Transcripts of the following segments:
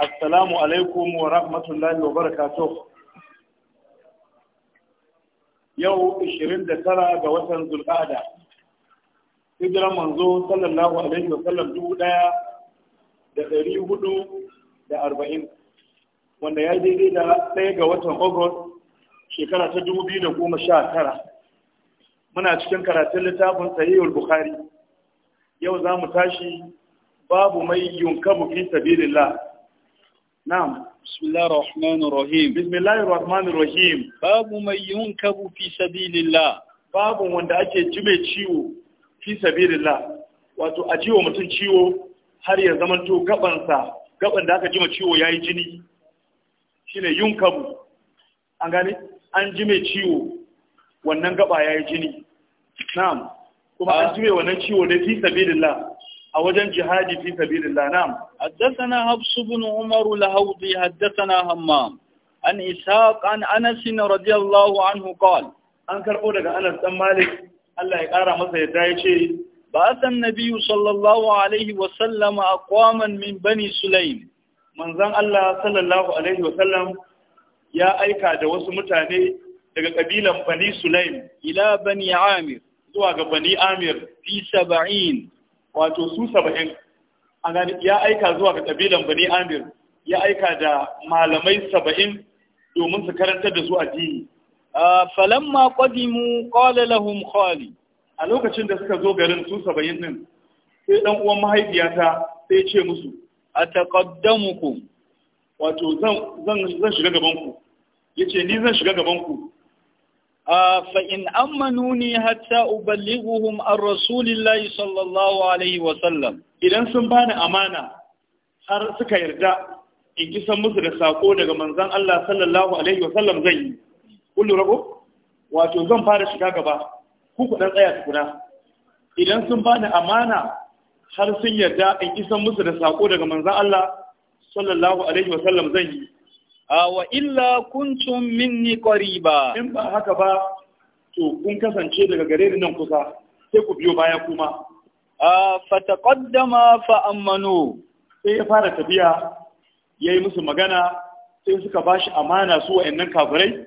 assalamu alaikum wa rahmatullahi wa barakatuh yau 29 ga watan zulqa'ada hijiran manzo sallallahu alaihi wa sallam dubu daya da ɗari hudu da arba'in wanda ya daidai da ɗaya ga watan August shekara ta dubu biyu da goma sha tara muna cikin karatun littafin sahihul bukhari yau za mu tashi babu mai yunkabu fi sabilillah نعم بسم الله الرحمن الرحيم بسم الله الرحمن الرحيم باب من ينكب في سبيل الله باب wanda ake jibe ciwo fi sabilillah wato a jiwo mutum ciwo har ya zamanto gabansa gaban da aka جمي تشيو ياي جني shine ينكب an gane an jime ciwo wannan gaba yayi jini na'am kuma an ah. jime wannan ciwo ne fi sabilillah a wajen jihadi fi sabilillah nam haddathana habs ibn umar al-hawdi haddathana hammam an ishaq an anas radiyallahu anhu qala an karbo daga anas dan malik Allah ya kara masa yadda yace بعث nabiyyu صلى الله عليه وسلم أقواما min بني سليم من Allah Sallallahu alaihi wa sallam ya aika da wasu mutane daga kabilan bani sulaim ila bani amir zuwa ga bani amir fi saba'in wato su saba'in a gani ya aika zuwa ga ƙabilan bani amir ya aika da malamai saba'in domin su karantar da su addini falamma mu qala lahum ƙwali. a lokacin da suka zo garin su saba'in din sai dan uwan mahaifiyata sai ce musu ataqaddamukum wato zan shiga gabanku ya yace ni zan shiga gabanku? فإن أمنوني حتى أبلغهم عن رسول الله صلى الله عليه وسلم sun bani أمانة har suka yarda in ji san musu da sako daga manzon Allah sallallahu alaihi wasallam zai yi kullu rabo wato zan fara shiga gaba ku ku dan tsaya tukuna idan sun bani amana har sun yarda in ji san musu da sako daga manzon Allah sallallahu alaihi wasallam zai yi wa illa kuntum minni qariba in ba haka ba to kun kasance daga gare ni nan kusa sai ku biyo baya kuma fa taqaddama fa Ammanu. sai ya fara tafiya yayi musu magana sai suka bashi amana su wayannan kafirai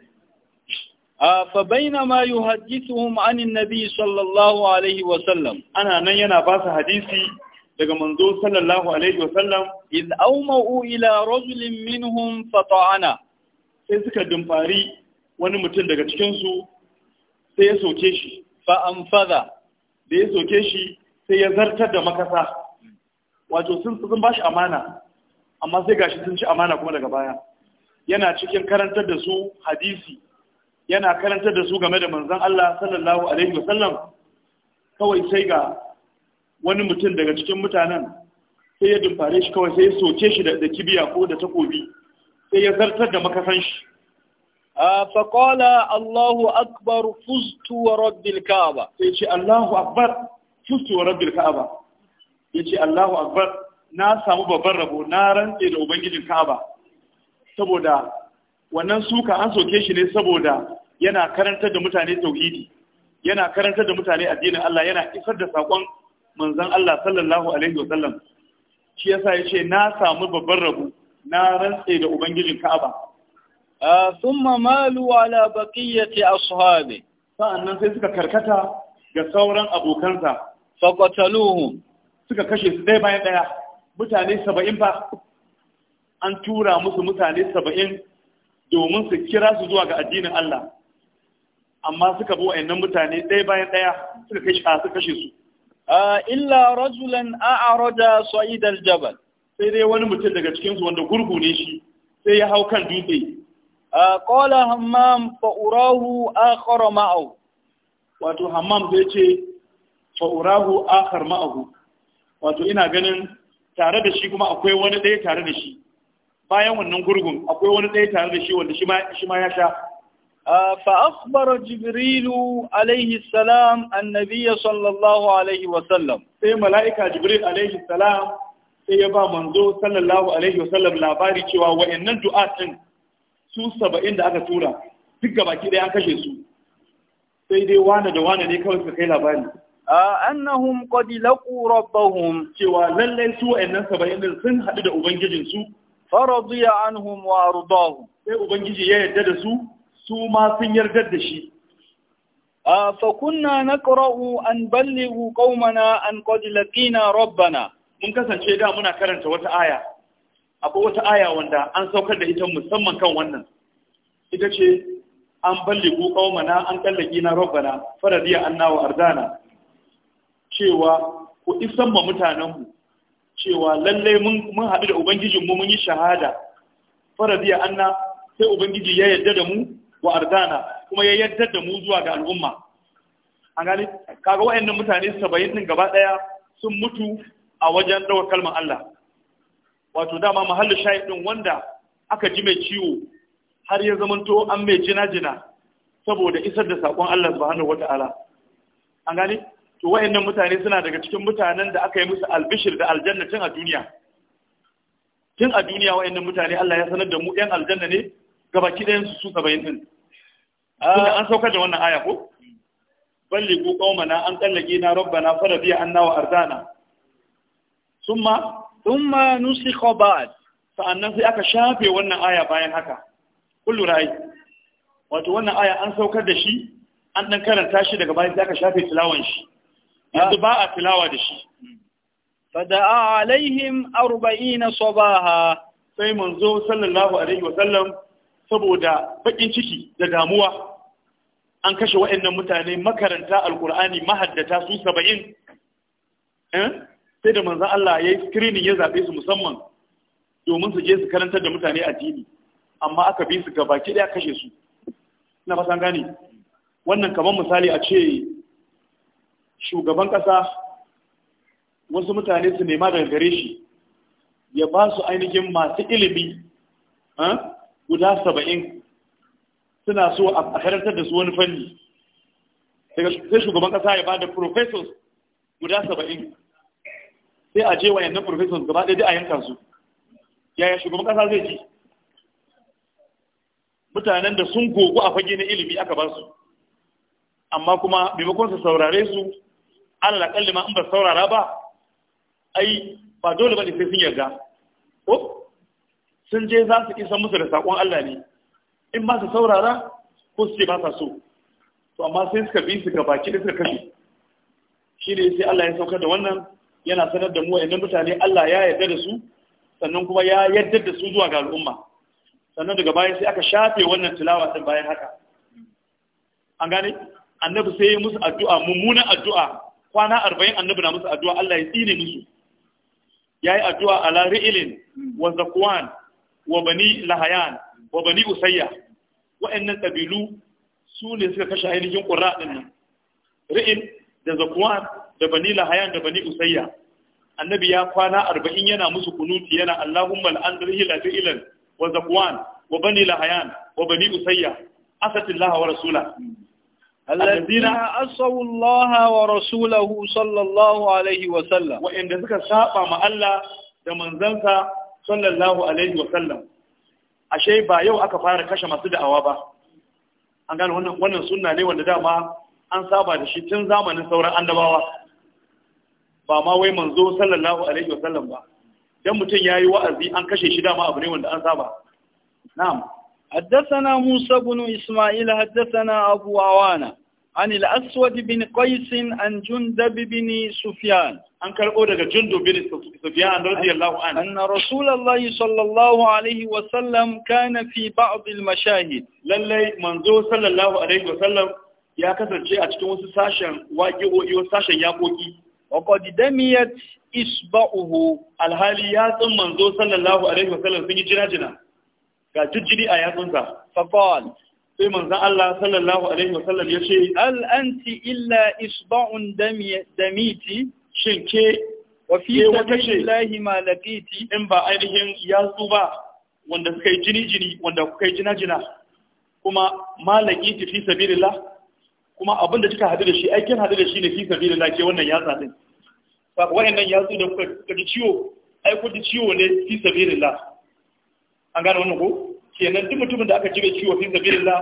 fa bainama yuhaddithuhum anin nabi sallallahu alaihi wa sallam ana nan yana ba su hadisi daga manzo sallallahu alaihi wa sallam iz aumau ila rajulin minhum fata'ana sai suka dumfari wani mutum daga cikin su sai ya soke shi fa amfada da ya soke shi sai ya zartar da makasa wato sun sun bashi amana amma sai gashi sun ci amana kuma daga baya yana cikin karantar da su hadisi yana karantar da su game da manzon Allah sallallahu alaihi wa sallam kawai sai ga wani mutum daga cikin mutanen sai ya dumfare shi kawai sai ya soke shi da kibiya ko da takobi sai ya zartar da makasan shi Allahu akbar الله أكبر Ka'aba. ورب ce Allahu akbar أكبر rabbil Ka'aba. Ya ce Allahu akbar na samu babban rabo na rantse da ubangijin Ka'aba saboda wannan suka an soke shi ne saboda yana karantar da mutane tauhidi yana karantar da mutane addinin Allah yana isar da sakon manzan Allah sallallahu alaihi wa sallam shi yasa ce na samu babban rabu. na rantse da ubangijin Ka'aba ah, thumma malu ala baqiyati ashabi sa'annan sai suka karkata ga sauran abokansa faqataluhum suka kashe su ɗaya bayan ɗaya mutane saba'in ba an tura musu mutane saba'in domin su kira su zuwa ga addinin Allah amma suka bi wa'annan mutane ɗaya bayan ɗaya suka kashe su Ah, illa rajulan a'araja sa'id al-jabal sai dai wani mutum daga cikin su wanda gurgu ne shi sai ya hau kan dutse ah, qala hammam fa urahu akhar ma'ahu wato hammam zai ce fa urahu akhar ma'ahu wato ina ganin tare da shi kuma akwai wani ɗaya tare da shi bayan wannan gurgun akwai wani ɗaya tare da shi wanda shi ma ya sha فأخبر جبريل عليه السلام النبي صلى الله عليه وسلم سي ملائكة جبريل عليه السلام sai ya ba manzo sallallahu alaihi wasallam labari cewa wa'annan du'a din su saba'in da aka tura duk gabaki ɗaya an kashe su sai dai wane da wane ne kawai suka kai labari annahum qad laqu rabbahum cewa lallai su wa'annan saba'in din sun haɗu da ubangijin su faradiya anhum wa ardahum sai ubangiji ya yarda da su su ma sun yarda da shi fakunna na ƙura'u an ballihu ƙaumana an ƙwadilaƙina rabbana mun kasance da muna karanta wata aya akwai wata aya wanda an saukar da ita musamman kan wannan ita ce an ballihu ƙaumana an ƙallaƙina rabbana faradiya an nawa ardana cewa ku isan ma mutanenmu cewa lallai mun haɗu da ubangijinmu mun yi shahada faradiya an na sai ubangiji ya yarda da mu wa ardana kuma ya yaddar da mu zuwa ga al'umma an gani kaga wayannan mutane 70 din gaba daya sun mutu a wajen dawar kalmar Allah wato dama mahallin din wanda aka ji mai ciwo har ya zamanto an mai jina-jina saboda isar da sakon Allah subhanahu wata'ala an gani to wayannan mutane suna daga cikin mutanen da aka yi musu albishir da aljanna tun a duniya tun a duniya wayannan mutane Allah ya sanar da mu ɗan aljanna ne gabaki ɗayan su su 70 din an saukar da wannan aya ko balli ku qaumana an tsallake na rabbana farabiya anna wa ardana summa thumma nusikha ba'd sa'annan sai aka shafe wannan aya bayan haka kullu rai wato wannan aya an saukar da shi an dan karanta shi daga bayan sai aka shafe tilawan shi yanzu ba a tilawa da shi fada'a alaihim 40 sabaha sai manzo sallallahu alaihi wa sallam saboda bakin ciki da damuwa an kashe wa'annan mutane makaranta alkur'ani mahaddata su saba'in eh? sai da manzan Allah ya yi screening ya zaɓe su musamman domin su je su karantar da mutane addini amma aka bi su ga baki ɗaya kashe su na fasan gane wannan kamar misali a ce shugaban ƙasa wasu mutane su nema daga gare shi ya ba su ainihin masu ilimi eh, guda saba'in suna so a karantar da su wani fanni sai shugaban kasa ya ba da professors guda saba'in sai a je wa yannan professors gaba ɗaya a yanka su yaya shugaban kasa zai ji mutanen da sun gogo a fage na ilimi aka ba su amma kuma maimakon su saurare su alal akalli ma in ba saurara ba ai ba dole ba ne sai sun yarda ko sun je za su isa musu da sakon Allah ne in ba su saurara ko su ce ba sa so to amma sai suka bi su baki da suka kashe shi ne sai Allah ya sauka da wannan yana sanar da mu wayannan mutane Allah ya yarda da su sannan kuma ya yarda da su zuwa ga al'umma sannan daga bayan sai aka shafe wannan tilawa din bayan haka an gane annabi sai ya musu addu'a mummunan addu'a kwana 40 annabi na musu addu'a Allah ya tsine musu yayi addu'a ala ri'ilin wa zakwan wa bani lahayan wa bani usayya wa'annan ƙabilu su ne suka kashe ainihin qurra din nan ri'in da zakwan da bani lahayan da bani usayya annabi ya kwana arba'in yana musu kunuti yana allahumma al'anzir ila fi'lan wa zakwan wa bani lahayan wa bani usayya laha wa rasula الذين عصوا الله ورسوله صلى الله عليه وسلم وإن ذلك ساقا مع الله دمن ذنسى صلى الله عليه وسلم ashe ba yau aka fara kashe masu da'awa ba an gane wannan wannan sunna ne wanda dama an saba da shi tun zamanin sauran annabawa ba ma wai manzo sallallahu alaihi wa sallam ba dan ya yayi wa'azi an kashe shi dama abu ne wanda an saba na'am حدثنا موسى بن إسماعيل حدثنا أبو عوانة عن الأسود بن قيس عن جندب بن سفيان an karɓo daga jundu bin Sufyan radiyallahu anhu anna rasulullahi sallallahu alaihi wa sallam kana fi ba'd al mashahid lalle manzo sallallahu alaihi wa sallam ya kasance a cikin wasu sashen waƙi'o'i wasu sashen yaƙoƙi wa qad damiyat isba'uhu alhali yatsun manzo sallallahu alaihi wa sallam sun yi jina-jina ga jijjiri a yatsunsa fa qala sai manzan Allah sallallahu alaihi wa sallam ya ce al anti illa isba'un damiti shin ke wafi wata ce lahi malakiti in ba ainihin yatsu ba wanda suka yi jini jini wanda kuka yi jina jina kuma malakiti fi sabilillah kuma abin da kika hadu da shi aikin hadu da shi ne fi sabilillah ke wannan yatsa din ba kuwa wa'annan yatsu da kuka ji ciwo aiko da ji ciwo ne fi sabilillah an gane wannan ko kenan duk mutumin da aka ji ciwo fi sabilillah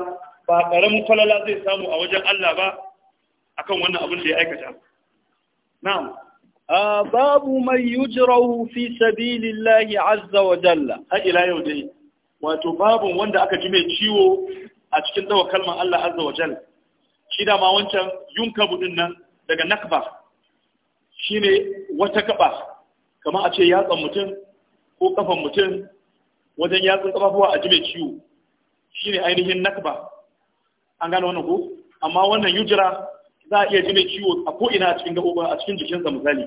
ba ƙaramin falala zai samu a wajen Allah ba akan wannan abin da ya aikata na'am babu mai yujrahu fi sabilillahi azza wa jalla har ila yau dai wato babu wanda aka ji mai ciwo a cikin dawa kalmar Allah azza wa jalla shi da ma wancan yunka din nan daga nakba shine wata kaba kamar a ce yatsan mutum ko kafan mutum wajen yatsun kafafuwa a ji mai ciwo shine ainihin nakba an gane wannan ko amma wannan yujra za a iya ji mai ciwo a ko'ina a cikin gaɓoɓin a cikin jikinsa misali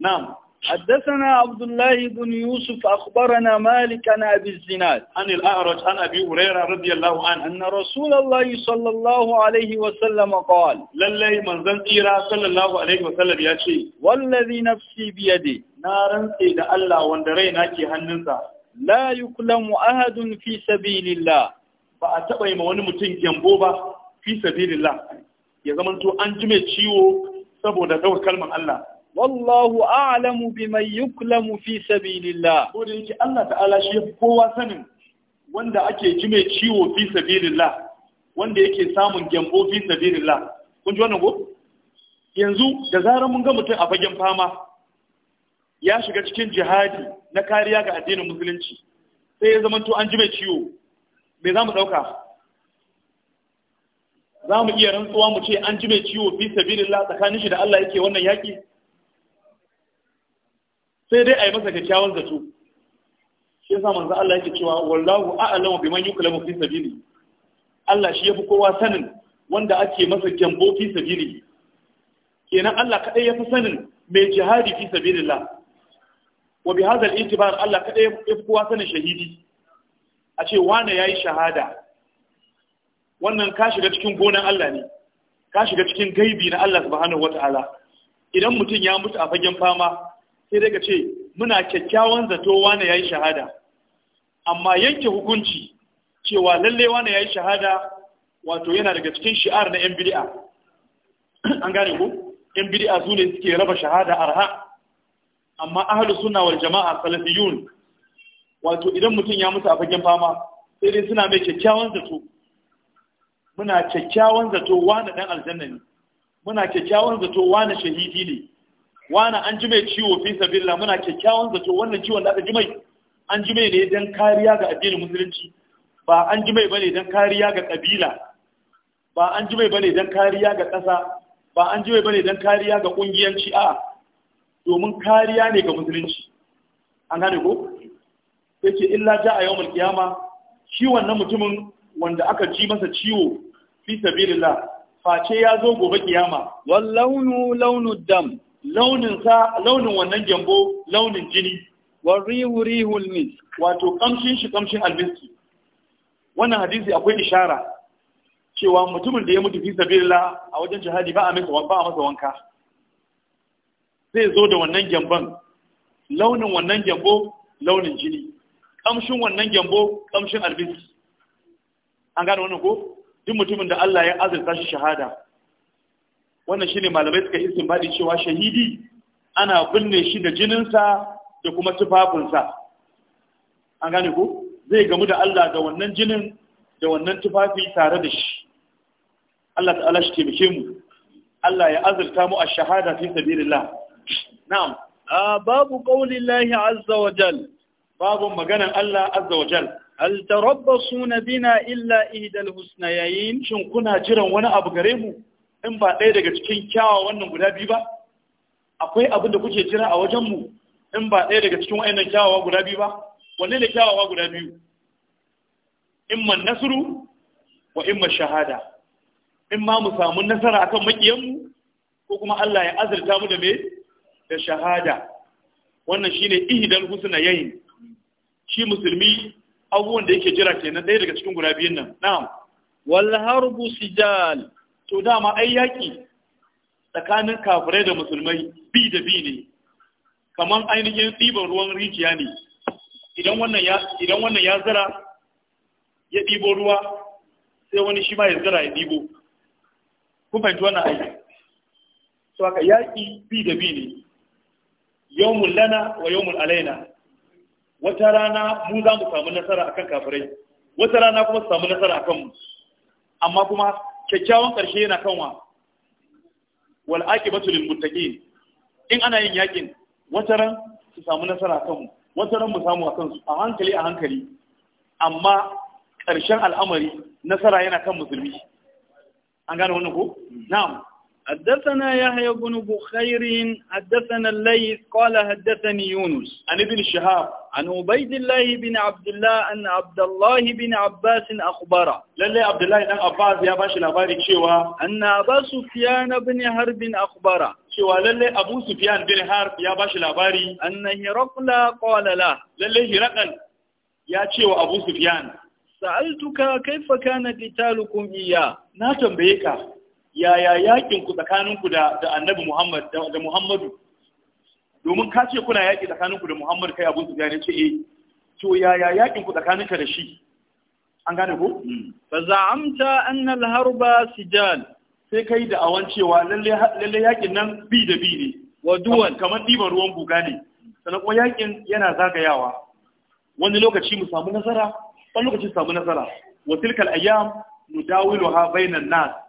na'am حدثنا عبد الله بن يوسف أخبرنا مالك عن أبي الزناد عن الأعرج عن أبي هريرة رضي الله عنه أن رسول الله صلى الله عليه وسلم قال للي من ذنطيرا صلى الله عليه وسلم يا شيء والذي نفسي بيدي نارا سيد الله واندريناكي هننسا لا يكلم أحد في سبيل الله فأتبعي موني متنجنبوبة في سبيل الله ya zamanto an ji mai ciwo saboda daukar kalmar Allah wallahu a'lamu biman yuklamu fi sabilillah ko da yake Allah ta'ala shi kowa sanin wanda ake ji mai ciwo fi sabilillah wanda yake samun gyambo fi sabilillah kun ji wannan ko yanzu da zarar mun ga mutum a fagen fama ya shiga cikin jihadi na kariya ga addinin musulunci sai ya zamanto an ji mai ciwo me za mu ɗauka za mu iya rantsuwa mu ce an ji mai ciwo fi la tsakanin shi da Allah yake wannan yaƙi? sai dai a yi masa kyakkyawan zato shi sa manzan Allah yake cewa wallahu a'lamu biman yuklamu fi sabili Allah shi ya fi kowa sanin wanda ake masa jambo fi sabili kenan Allah kaɗai ya fi sanin mai jihadi fi la. wa bi hadha itibar Allah ya fi kowa sanin shahidi a ce wane yi shahada wannan ka shiga cikin gonan Allah ne ka shiga cikin gaibi na Allah subhanahu wata'ala idan mutum ya mutu a fagen fama sai daga ce muna kyakkyawan zato ya yayi shahada amma yanke hukunci cewa lalle ya yayi shahada wato yana daga cikin shi'ar na yan bid'a an gane ku, yan bid'a su ne suke raba shahada arha amma ahlus sunna wal jama'a salafiyun wato idan mutum ya mutu a fagen fama sai dai suna mai kyakkyawan zato muna kyakkyawan zato wani dan aljanna ne muna kyakkyawan zato wani shahidi ne wani an ji mai ciwo fi sabilillah muna kyakkyawan zato wannan ciwon da aka ji mai an ji mai ne dan kariya ga addinin musulunci ba an ji mai bane dan kariya ga kabila ba an ji mai bane dan kariya ga ƙasa ba an ji mai bane dan kariya ga kungiyanci a domin kariya ne ga musulunci an gane ko sai ce illa ja a yawon kiyama shi wannan mutumin wanda aka ji masa ciwo fi sabilillah face ya zo gobe kiyama wal launu launu dam launin sa launin wannan gyambo launin jini wal rihu rihul misk wato kamshin shi kamshin almiski wannan hadisi akwai ishara cewa mutumin da ya mutu fi sabilillah a wajen jihadi ba a masa ba a masa wanka zai zo da wannan jamban launin wannan gyambo launin jini kamshin wannan gyambo kamshin almiski an gane wannan ko duk mutumin da Allah ya azurta shi shahada wannan shine malamai suka istinbadi cewa shahidi ana binne shi da jininsa da kuma tufafinsa an gane ko zai gamu da Allah da wannan jinin da wannan tufafi tare da shi Allah ta'ala shi taimake mu Allah ya azurta mu a shahada fi sabilillah na'am babu qaulillahi azza wa jal babu maganan Allah azza wa jal hal tarabbasuna bina illa ihdal husnayayn shin kuna jiran wani abu gare mu in ba ɗaya daga cikin kyawa wannan guda biyu ba akwai abin da kuke jira a wajen mu in ba ɗaya daga cikin wayannan kyawawa guda biyu ba wanne ne kyawawa guda biyu imma nasru wa imma shahada in ma mu samu nasara akan maƙiyanmu? ko kuma Allah ya azurta mu da me da shahada wannan shine ihdal husnayayn shi musulmi abubuwan da yake jira kenan ɗaya daga cikin guda biyun nan na'am wal harbu sijal to dama ai yaki tsakanin kafirai da musulmai bi da bi ne kaman ainihin ɗiban ruwan rijiya ne idan wannan ya idan wannan ya zira ya ɗibo ruwa sai wani shi ma ya zira ya ɗibo kun fahimci wannan aiki to aka yaƙi bi da bi ne yawmul lana wa yawmul alaina wata rana mu za mu samu nasara a kan kafirai wata rana kuma su samu nasara a kanmu, amma kuma kyakkyawan ƙarshe yana kan wa wal aqibatu lil muttaqin in ana yin yakin wata ran su samu nasara a kanmu, wata ran mu samu akan su a hankali a hankali amma ƙarshen al'amari nasara yana kan musulmi an gane wannan ko na'am حدثنا يحيى بن بخير حدثنا الليث قال حدثني يونس عن ابن شهاب عن عبيد الله بن عبد الله أن عبد الله بن عباس أخبره للي عبد الله بن عباس يا باشا لبارك شوى أن أبا سفيان بن حرب أخبره شوى للي أبو سفيان بن حرب يا باشا لباري أن هرقل قال له للي هرقل يا شوى أبو سفيان سألتك كيف كان قتالكم إياه ناتم بيكا يا يا يا كنكو تكانكو دا, دا النبي محمد دا, دا محمد domin ka ce kuna yaƙi tsakaninku da Muhammad kai abun su ya ce eh to yaya yaƙin ku tsakaninka da shi an gane ko hmm. fa za'amta anna al-harba sijal sai kai da awan cewa lalle lalle yaƙin nan bi da bi ne wa duwan kamar diban ruwan buga ne sannan kuma yaƙin yana zagayawa wani lokaci mu samu nasara wani lokaci samu nasara wa tilkal ayyam nudawiluha bainan nas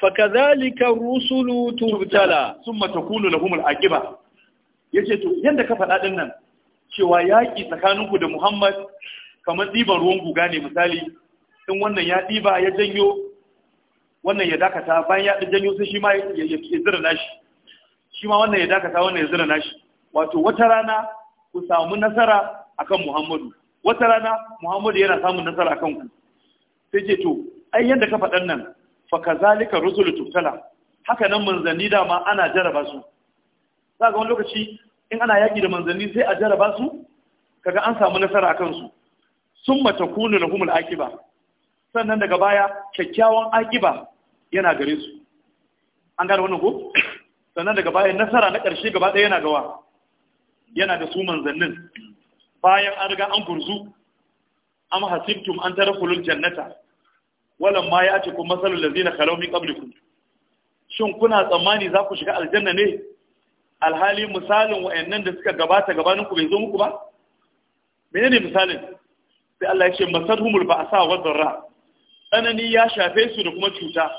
fakazalika rusulu tubtala summa takunu lahum al-aqiba yace to yanda ka faɗa din nan cewa yaƙi tsakaninku da Muhammad kamar ɗiban ruwan guga ne misali in wannan ya ɗiba ya janyo wannan ya dakata bayan ya janyo sai shi ma ya zira nashi shi ma wannan ya dakata wannan ya zira nashi wato wata rana ku samu nasara akan Muhammadu wata rana Muhammadu yana samun nasara akan ku sai ce to ai yanda ka faɗan nan fa kazalika rusulu tuftala haka nan manzanni da ma ana jaraba su za ga wani lokaci in ana yaki da manzanni sai a jaraba su kaga an samu nasara akan su summa takunu humul akiba sannan daga baya kyakkyawan akiba yana gare su an gane wannan ko sannan daga baya nasara na ƙarshe gaba ɗaya yana gawa yana da su manzannin bayan an riga an gurzu am hasibtum an tarakulul jannata walan ma ya ce kun masalul lazina khalau min qablikum shin kuna tsammani za ku shiga aljanna ne alhali misalin wayannan da suka gabata gabaninku bai zo muku ba menene misalin sai Allah ya ce ba'sa wa dharra tsanani ya shafe su da kuma cuta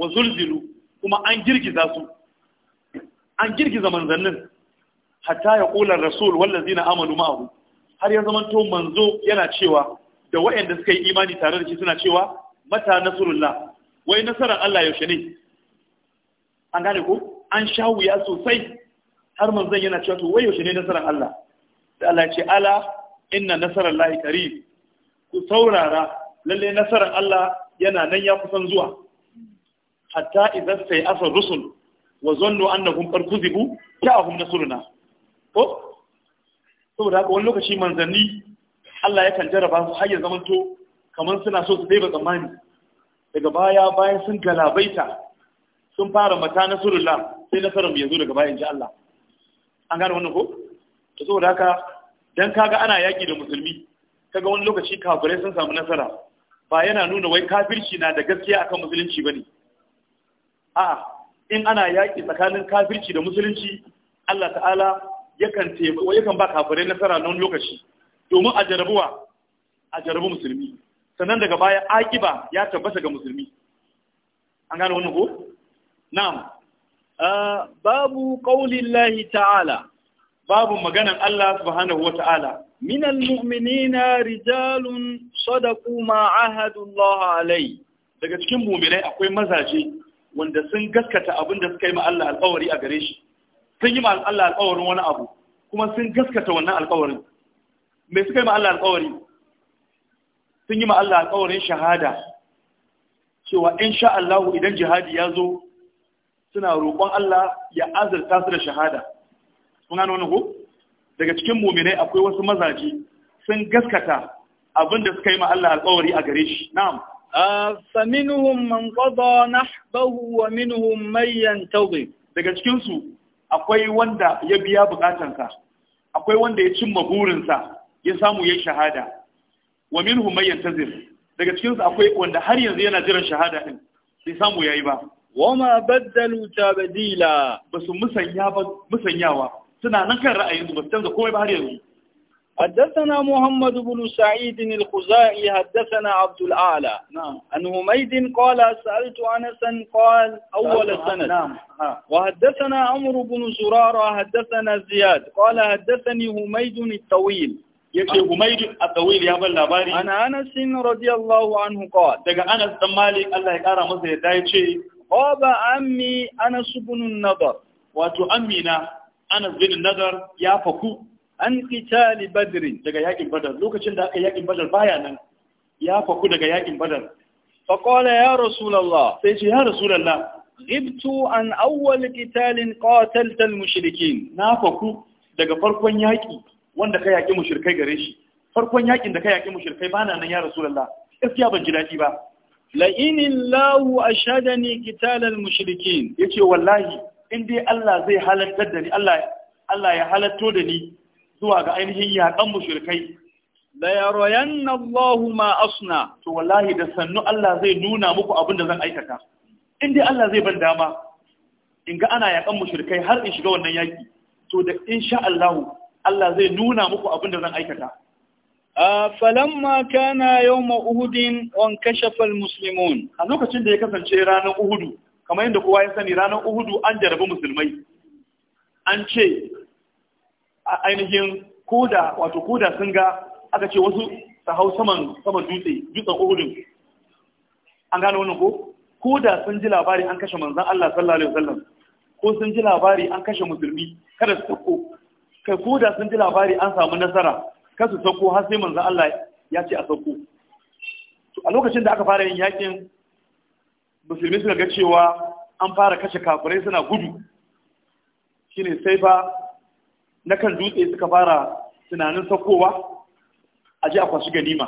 wa zulzilu kuma an girgiza su an girgiza manzannin hatta ya kula rasul zina amanu ma'ahu har ya zamanto manzo yana cewa da wayanda suka yi imani tare da shi suna cewa mata nasrullah wai nasarar Allah yaushe ne an gane ku. an sha wuya sosai har manzon yana cewa to wai yaushe ne nasarar Allah sai Allah ce ala inna nasarallahi qarib ku saurara lalle nasarar Allah yana nan ya kusan zuwa hatta idan sai asar rusul wa zannu annahum qad ta'ahum nasruna ko saboda haka wani lokaci manzanni Allah ya kan jarraba su har ya zamanto kamar suna so su daiba tsammani daga baya bayan sun galabaita sun fara mata na surula sai nasarar mu yanzu daga bayan ji Allah an gane wannan ko to saboda haka dan kaga ana yaki da musulmi kaga wani lokaci kafirai sun samu nasara ba yana nuna wai kafirci na da gaskiya akan musulunci bane a'a in ana yaki tsakanin kafirci da musulunci Allah ta'ala yakan yakan ba kafirai nasara na wani lokaci domin a jarabuwa a jarabu musulmi sannan daga baya akiba ya tabbata ga musulmi an gane wannan ko na'am ah, babu qaulillahi ta'ala babu maganan Allah subhanahu wa ta'ala min almu'minina rijalun sadaqu ma ahadullah alai daga cikin mu'minai akwai mazaje wanda sun gaskata abin da suka yi ma Allah alƙawari a gare shi sun yi ma Allah alƙawarin wani abu kuma sun gaskata wannan alƙawarin me suka yi ma Allah alƙawari sun yi ma'alla alƙawarin shahada cewa in sha Allah idan jihadi ya zo suna roƙon Allah ya azurta su da shahada sun gano wani ko daga cikin muminai akwai wasu mazaje sun gaskata abinda suka yi ma'alla alƙawari a gare shi na'am فمنهم na bahu wa minuhun mayan ينتظر daga cikinsu akwai wanda ya biya bukatansa akwai wanda ya cimma burinsa ya samu yin shahada wa minhum man yantazir daga cikin su akwai wanda har yanzu yana jiran shahada din bai samu yayi ba wa ma baddalu tabdila basu musanya ba musanyawa suna nan kan ra'ayin su basu canza komai ba har yanzu حدثنا محمد بن سعيد الخزاعي حدثنا عبد الأعلى نعم عن هميد قال سألت أنسا قال أول سنة نعم وحدثنا عمرو بن زرارة حدثنا زياد قال حدثني هميد الطويل yake Humayd at-Tawil ya bar labari ana Anas radiyallahu anhu qala daga Anas dan Malik Allah ya kara masa yadda yace qaba ammi Anas ibn nadar wato amina Anas bin nadar ya faku an qital Badr daga yakin Badar lokacin da aka yakin Badar baya nan ya faku daga yakin Badar fa qala ya rasulullah sai ce ya rasulullah ghibtu an awwal qitalin qatalta al mushrikin na faku daga farkon yaki wanda ka yaƙi mushrikai gare shi farkon yaƙin da ka yaƙi mushrikai bana nan ya rasulullah gaskiya ban ji daɗi ba la in illahu ashadani qitalal mushrikin yace wallahi in dai Allah zai da ni Allah Allah ya halatto da ni zuwa ga ainihin yaƙan mushrikai la yarayanna Allahu ma asna to wallahi da sannu Allah zai nuna muku abin da zan aikata in dai Allah zai ban dama in ga ana yaƙan mushrikai har in shiga wannan yaki to da insha Allah Allah zai nuna muku abin da zan aikata falamma kana yau uhudin wan kashafa musulmun. a lokacin da ya kasance ranar uhudu kamar yadda kowa ya sani ranar uhudu an jarabi musulmai an ce a ainihin koda wato koda sun ga aka ce wasu su hau saman saman dutse dutsen uhudun an gano wannan ko koda sun ji labari an kashe manzan Allah sallallahu alaihi wasallam ko sun ji labari an kashe musulmi kada su tako kai ko da sun ji labari an samu nasara kasu su sauko har sai manzo Allah ya ce a sauko a lokacin da aka fara yin yakin musulmi suka ga cewa an fara kashe kafirai suna gudu shine sai ba na kan dutse suka fara tunanin saukowa a ji a kwashi ganima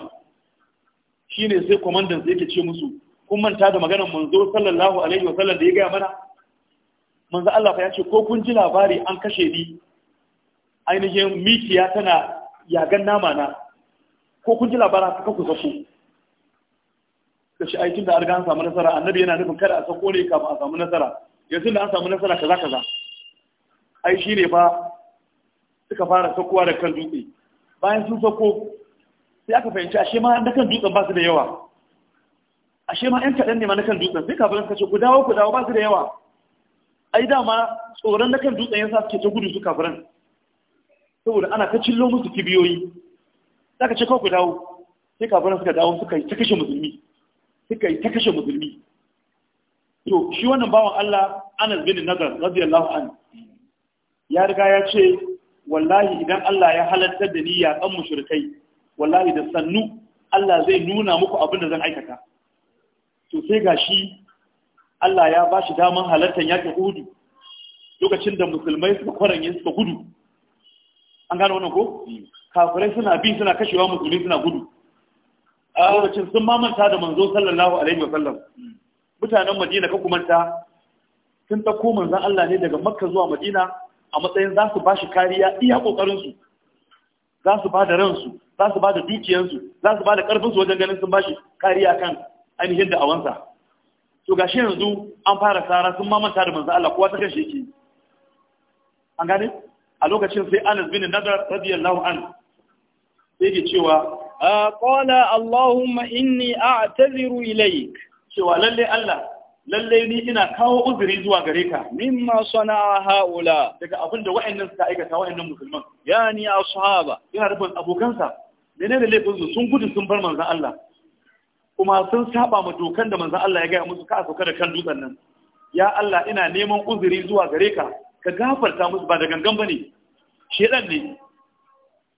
shine sai kwamandan yake ce musu kun manta da maganar manzo sallallahu alaihi wa da ya gaya mana manzo Allah fa ya ce ko kun ji labari an kashe ni ainihin mikiya tana yagan nama na ko kun ji labarin haka ku sako da shi aikin da arga an samu nasara annabi yana nufin kada a sako ne kafin a samu nasara yanzu da an samu nasara kaza kaza ai shi ne fa suka fara sakowa da kan dutse bayan sun sako sai aka fahimci ashe ma na kan dutsen ba su da yawa ashe ma yan kaɗan ne ma na kan dutsen sai kafin suka ce ku dawo ku dawo ba su da yawa ai dama tsoron na kan dutsen yasa suke ta gudu su kafiran saboda ana ta cillo musu kibiyoyi zaka ce kawai ku dawo sai kafin suka dawo suka yi ta kashe musulmi suka yi ta kashe musulmi to shi wannan bawan Allah Anas bin Nadar radiyallahu anhu ya riga ya ce wallahi idan Allah ya halartar da ni ya kan mushrikai wallahi da sannu Allah zai nuna muku abin da zan aikata to sai gashi Allah ya ba shi daman halartar yakin Uhud lokacin da musulmai suka kwaranye suka gudu an gano wannan ko kafirai suna bi suna kashewa musulmi suna gudu a lokacin sun mamanta da manzo sallallahu alaihi wasallam mutanen madina ka kumanta sun ɗauko manzan Allah ne daga makka zuwa madina a matsayin za su ba shi kariya iya ƙoƙarinsu za su ba da ransu za su ba da dukiyansu za su ba da ƙarfinsu wajen ganin sun ba shi kariya kan ainihin da awansa to ga shi yanzu an fara tsara sun mamanta da manzan Allah kowa ta kan shi yake an gane a lokacin sai Anas bin Nadar radiyallahu An. sai ke cewa qala Allahumma inni a'taziru ilayk cewa lalle Allah lalle ni ina kawo uzuri zuwa gare ka mimma sana'a haula daga abinda da wa'annan suka aikata wa'annan musulman yani ashaba yana rubun abokansa menene laifin su sun gudu sun bar manzon Allah kuma sun saba ma dokan da manzon Allah ya gaya musu ka sauka da kan dutsen nan ya Allah ina neman uzuri zuwa gare ka ka gafarta musu ba da gangan ba Shi ɗan ne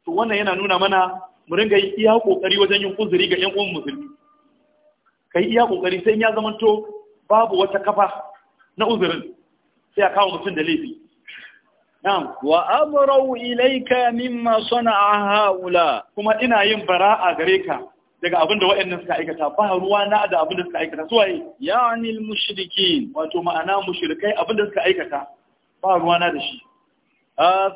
to wannan yana nuna mana mu ringa yi iya kokari wajen yin uzuri ga 'yan uwan musulmi kai iya kokari sai ya zamanto babu wata kafa na uzurin sai a kawo mutum da laifi na'am wa min ilayka mimma sana'a haula kuma ina yin bara'a gare ka daga abin da waɗannan suka aikata ba ruwa na da abin da suka aikata suwaye. Ya yani mushrikin wato ma'ana mushrikai abin da suka aikata ba ruwa na da shi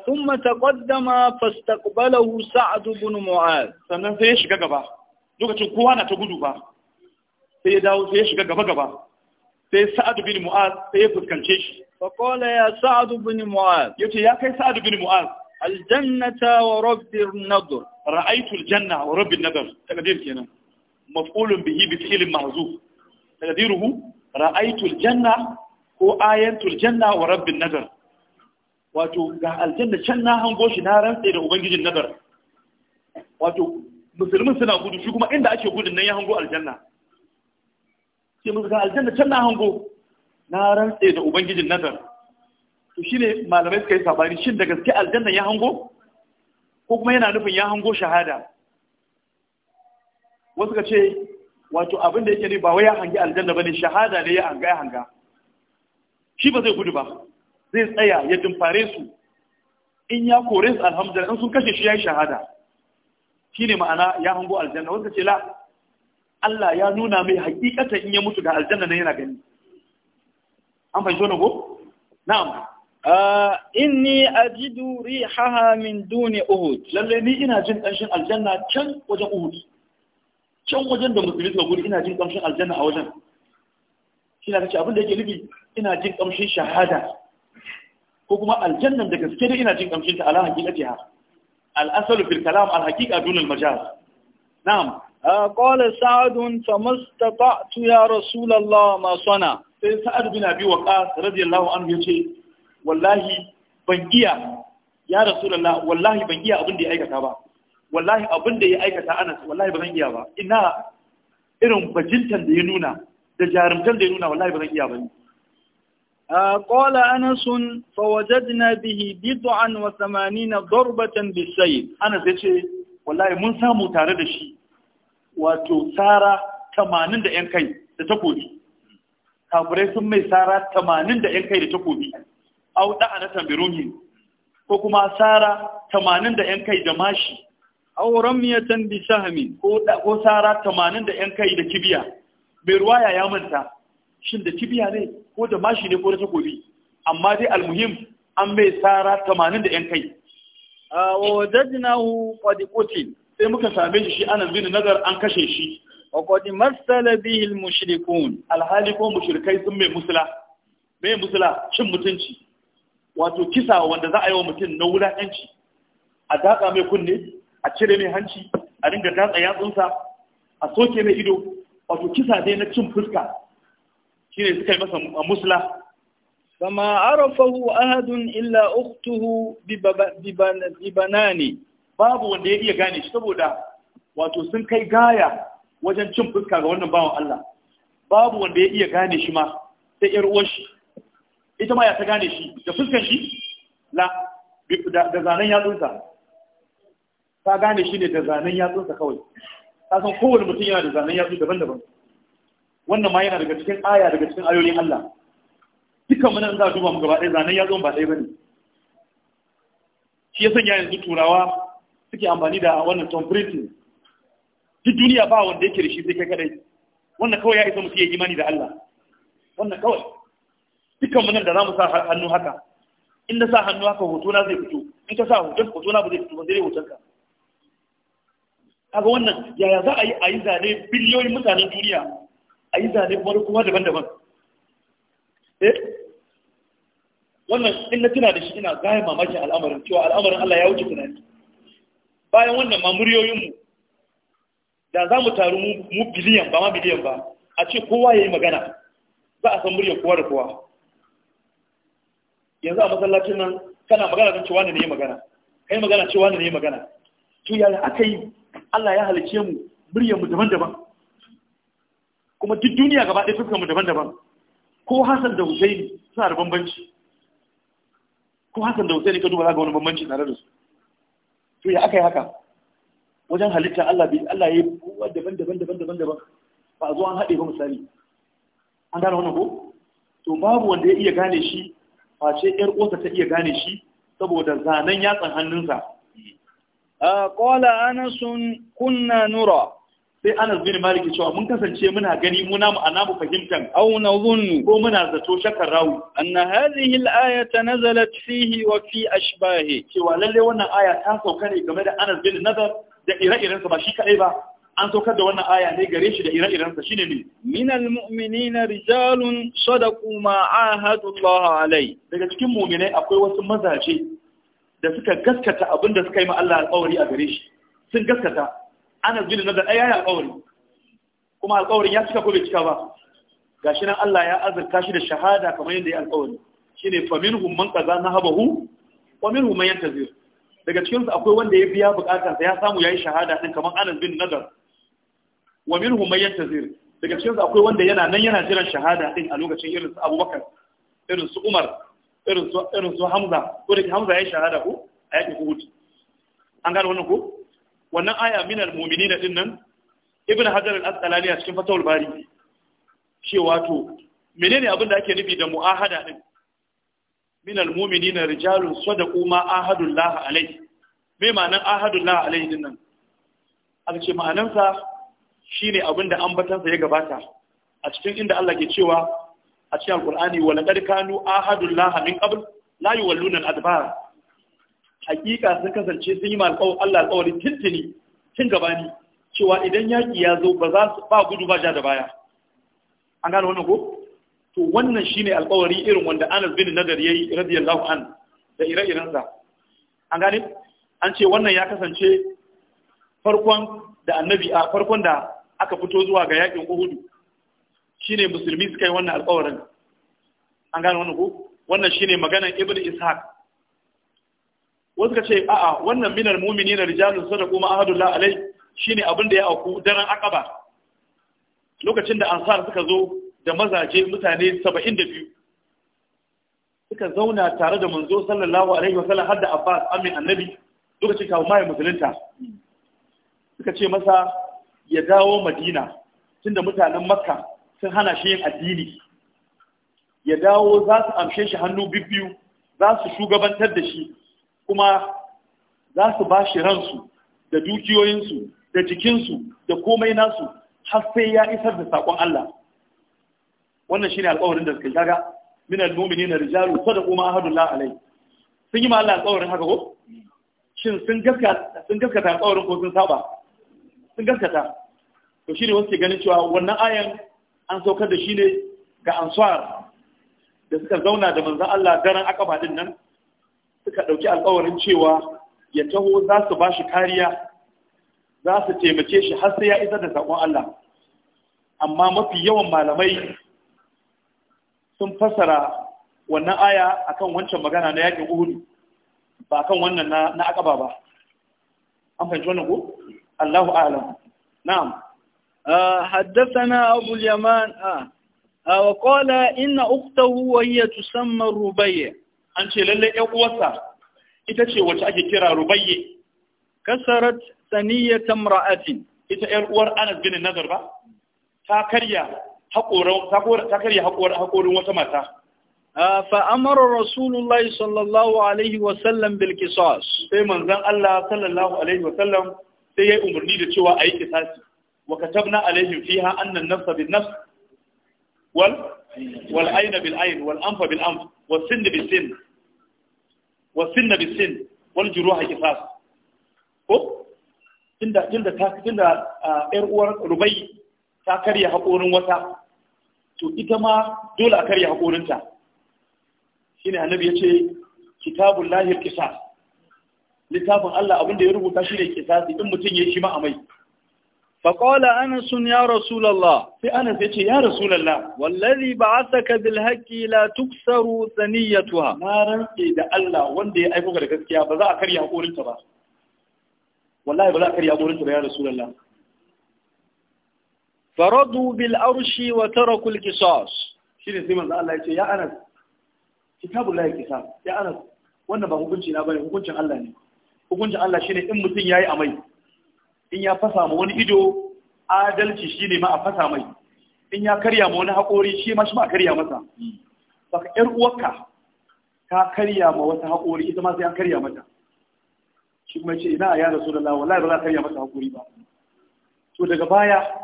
thumma taqaddama fastaqbalahu sa'd ibn mu'adh sannan sai ya shiga gaba lokacin kowa na ta gudu ba sai ya dawo sai ya shiga gaba gaba sai sa'ad bin mu'az sai ya fuskance shi faƙola ya sa'ad bin mu'az ya ce ya kai sa'ad bin mu'az aljannata wa rabbir nadur ra'aitul janna wa rabbin nadur takadir kenan maf'ulun bihi bi fi'lin mahzuf takadiruhu ra'aitul janna ko ayantul janna wa rabbin nadur wato ga aljanna can na hango shi na rantse da ubangijin nazar wato musulmin suna gudu shi kuma inda ake gudun nan ya hango aljanna sai musu ga aljanna can na hango na rantse da ubangijin nazar to shine malamai suka yi sabani shin da gaske aljanna ya hango ko kuma yana nufin ya hango shahada wasu ka ce wato abin da yake ne ba wai ya hangi aljanna bane shahada ne ya hanga ya hanga shi ba zai gudu ba zai tsaya ya dumfare su in ya kore su alhamdulillah in sun kashe shi ya yi shahada Shi ne ma'ana ya hango aljanna wanda ce la Allah ya nuna mai hakikatan in ya mutu da aljanna ne yana gani an fahimci wannan ko na'am inni ajidu rihaha min duni uhud lalle ni ina jin kanshin aljanna can wajen uhud can wajen da musulmi suka gudu ina jin kamshin aljanna a wajen shi na ce abin da yake nufi ina jin kamshin shahada ko kuma aljannan da gaske da ina jin kamshin ta ala haqiqatiha al asalu fil kalam al haqiqa dun al majaz na'am qala sa'd fa mastata'tu ya rasul allah ma sana sai sa'ad bin abi waqas radiyallahu anhu yace wallahi ban iya ya rasulullah wallahi ban iya abin da ya aikata ba wallahi abin da ya aikata anas wallahi ban iya ba ina irin bajintan da ya nuna da jarumtan da ya nuna wallahi ban iya ba ne قال أنس فوجدنا به بضعا وثمانين ضربة بالسيف أنا زيتي والله من سامو تارد شي wato tsara tamanin da ‘yan kai da takobi, kafirai sun mai tsara tamanin da ‘yan kai da takobi, au ɗa'a na tambiruhi, ko kuma tsara tamanin da ‘yan kai da mashi, auren ramiyatan bi sahami ko tsara tamanin da ‘yan kai da kibiya, mai ruwa ya manta, shin da kibiya ne ko da mashi ne ko da takobi amma dai almuhim an mai tsara tamanin da yan kai a wajajnahu qad qutil sai muka same shi shi bin nazar an kashe shi wa kwadi masala bihi alhali ko mushrikai sun mai musula mai musula shin mutunci wato kisa wanda za a yi wa mutum na wulaƙanci a daƙa mai kunne a cire mai hanci a dinga datsa yatsunsa a soke mai ido wato kisa dai na cin fuska shine suka yi masa musla fama arafahu ahadun illa ukhtuhu bi banani babu wanda ya iya gane shi saboda wato sun kai gaya wajen cin fuska ga wannan bawan Allah babu wanda ya iya gane shi ma sai yar uwar shi ita ma ya ta gane shi da fuskan shi la da zanen yatsunsa ta gane shi ne da zanen yatsunsa kawai ta san kowane mutum yana da zanen yatsu daban-daban wannan ma yana daga cikin aya daga cikin ayoyin Allah dukkan mu nan za duba mu gaba ɗaya zanen ya zo ba ɗaya bane shi ya sanya yanzu turawa suke amfani da wannan temperature duk duniya ba wanda yake da shi sai kai kadai wannan kawai ya isa mu yi imani da Allah wannan kawai dukkan mu da zamu sa hannu haka in na sa hannu haka hoto na zai fito in ka sa hoton hoto na ba zai fito ba zai hoton ka kaga wannan yaya za a yi a yi zane biliyoyin mutanen duniya a yi zane wani kuma daban-daban eh? wannan in na tuna da shi ina gaya mamakin al'amarin cewa al'amarin Allah ya wuce tunani bayan wannan ma muryoyinmu da za mu taru mu biliyan ba ma biliyan ba a ce kowa ya yi magana za a san muryar kowa da kowa yanzu a masallacin nan kana magana don cewa ne ne magana kai magana cewa ne ne magana to yaya aka yi Allah ya halice mu muryarmu daban-daban kuma duk duniya gaba ɗaya fuskar mu daban-daban ko Hassan da Hussein suna da bambanci ko Hassan da Husaini ka duba za ga wani bambanci tare da su to ya aka yi haka wajen halitta Allah bi Allah ya yi kowa daban-daban daban-daban daban ba a zo an haɗe ba misali an gane wannan ko to babu wanda ya iya gane shi face ƴar ƙosa ta iya gane shi saboda zanen yatsan hannunsa قال أنس كنا nura sai anas bin Maliki cewa mun kasance muna gani muna mu ana mu fahimtan aw ko muna zato shakar rawi anna hadhihi al-ayata nazalat fihi wa fi ashbahi cewa lalle wannan aya ta sauka ne game da anas bin nazar da ire-iren sa ba shi kadai ba an saukar da wannan aya ne gare shi da ire-iren sa shine ne min al-mu'minina rijalun sadaqu ma ahadu Allah alai daga cikin mu'minai akwai wasu mazaje da suka gaskata abin da suka yi ma Allah alƙawari a gare shi sun gaskata anas bin nadar ya yi alƙawari kuma alƙawarin ya cika ko bai cika ba gashi nan Allah ya azurta shi da shahada kamar yadda ya alƙawari shine faminhum man qaza nahabahu wa minhum man yantazir daga cikin su akwai wanda ya biya bukatarsa ya samu yayi shahada din kamar Anas bin Nadar wa minhum man yantazir daga cikin su akwai wanda yana nan yana jiran shahada din a lokacin irin su Abubakar irin su Umar irin su irin su Hamza ko da Hamza yayi shahada ko a ku Uhud an gane wannan ko wannan aya al-mu'minin din nan ibn hajar al-asqalani a cikin fatawul bari shi wato menene abin da ake nufi da mu'ahada din al-mu'minin rijalun sadaqu ma ahadullah alai me ma'anan ahadullah alai din nan aka ce ma'anansa shine abin da ambatansa ya gabata a cikin inda Allah ke cewa a cikin alqur'ani wa laqad kanu ahadullah min qabl la yuwalluna al-adbar hakika sun kasance sun yi malƙau Allah alƙawari tintini tun gabani cewa idan yaƙi ya zo ba za su ba gudu ba ja da baya an gane wannan ko to wannan shine alƙawari irin wanda Anas bin Nadar yayi radiyallahu an da ire-irensa an gane an ce wannan ya kasance farkon da annabi a farkon da aka fito zuwa ga yaƙin Uhud shine musulmi suka yi wannan alƙawarin an gane wannan ko wannan shine maganar Ibn Ishaq wasu ka ce a'a wannan minar mumini na rijalun sadaku ma ahadullah alai shine abin da ya auku daren akaba lokacin da ansar suka zo da mazaje mutane 72 suka zauna tare da manzo sallallahu alaihi wasallam har da Abbas amin annabi lokacin ta mai musulunta suka ce masa ya dawo Madina tunda mutanen Makka sun hana shi yin addini ya dawo za su amshe shi hannu bibbiyu za su shugabantar da shi kuma za su ba shi ransu da dukiyoyinsu da jikinsu da komai nasu har sai ya isar da sakon Allah wannan shine alƙawarin da suka kaga min na rijalu sadaqu kuma ahadullah alai sun yi ma Allah alƙawarin haka ko shin sun gaskata sun gaskata alƙawarin ko sun saba sun gaskata to shine wasu ke ganin cewa wannan ayan an saukar da shi ne ga ansar da suka zauna da manzon Allah daren akaba din nan suka ɗauki alƙawarin cewa ya taho za su ba shi kariya za su taimake shi har sai ya isa da saƙon Allah amma mafi yawan malamai sun fasara wannan aya akan wancan magana na yakin uhudu ba akan wannan na akaba ba an fahimci wannan ko Allahu a'lam na'am حدثنا أبو اليمان وقال إن أخته وهي تسمى الربيع an ce lallai ‘yan uwarsa ita ce wacce ake kira rubayye. Kasarat saniya tamra'atin. Ita ‘yan uwar Anas bin Nazar ba? Ta karya haƙorin wata mata. فأمر رسول الله صلى الله عليه وسلم بالقصاص sai manzon Allah sallallahu alaihi wa sallam sai yayi umarni da cewa ayi kisasi wa katabna alaihim fiha anna an-nafsa bin-nafs wal wal ayna bil ayn wal anfa bil anf was sinna bis sin wasin na bisin wal juruha a ko tunda tunda ta tunda yar uwar rubai ta karya haƙorin wata to ita ma dole a karya haƙorinta shine annabi ce kitabul lahil kisas littafin Allah abin da ya rubuta shi ne kisasi in mutum ya yi shi ma faƙola ana sun ya rasulallah sai ana sai ce ya rasulallah wallazi ba a saka bilhaƙi la tuksaru tsaniyyatuwa na rantse da Allah wanda ya aiko da gaskiya ba za a karya ƙorinta ba wallahi ba za a karya ƙorinta ba ya rasulallah faradu bil arshi wa taraku al qisas shine sai manzo Allah ya ya anas kitabullahi qisas ya anas wannan ba hukunci na bane hukuncin Allah ne hukuncin Allah shine in mutum yayi amai in ya fasa ma wani ido adalci shi ne ma a fasa mai in ya karya ma wani haƙori shi ma shi ma a karya masa saka ƴar uwarka ta karya ma wata haƙori ita ma sai an karya mata shi kuma ce ina ya su da lawa wallahi ba za a karya mata haƙori ba to daga baya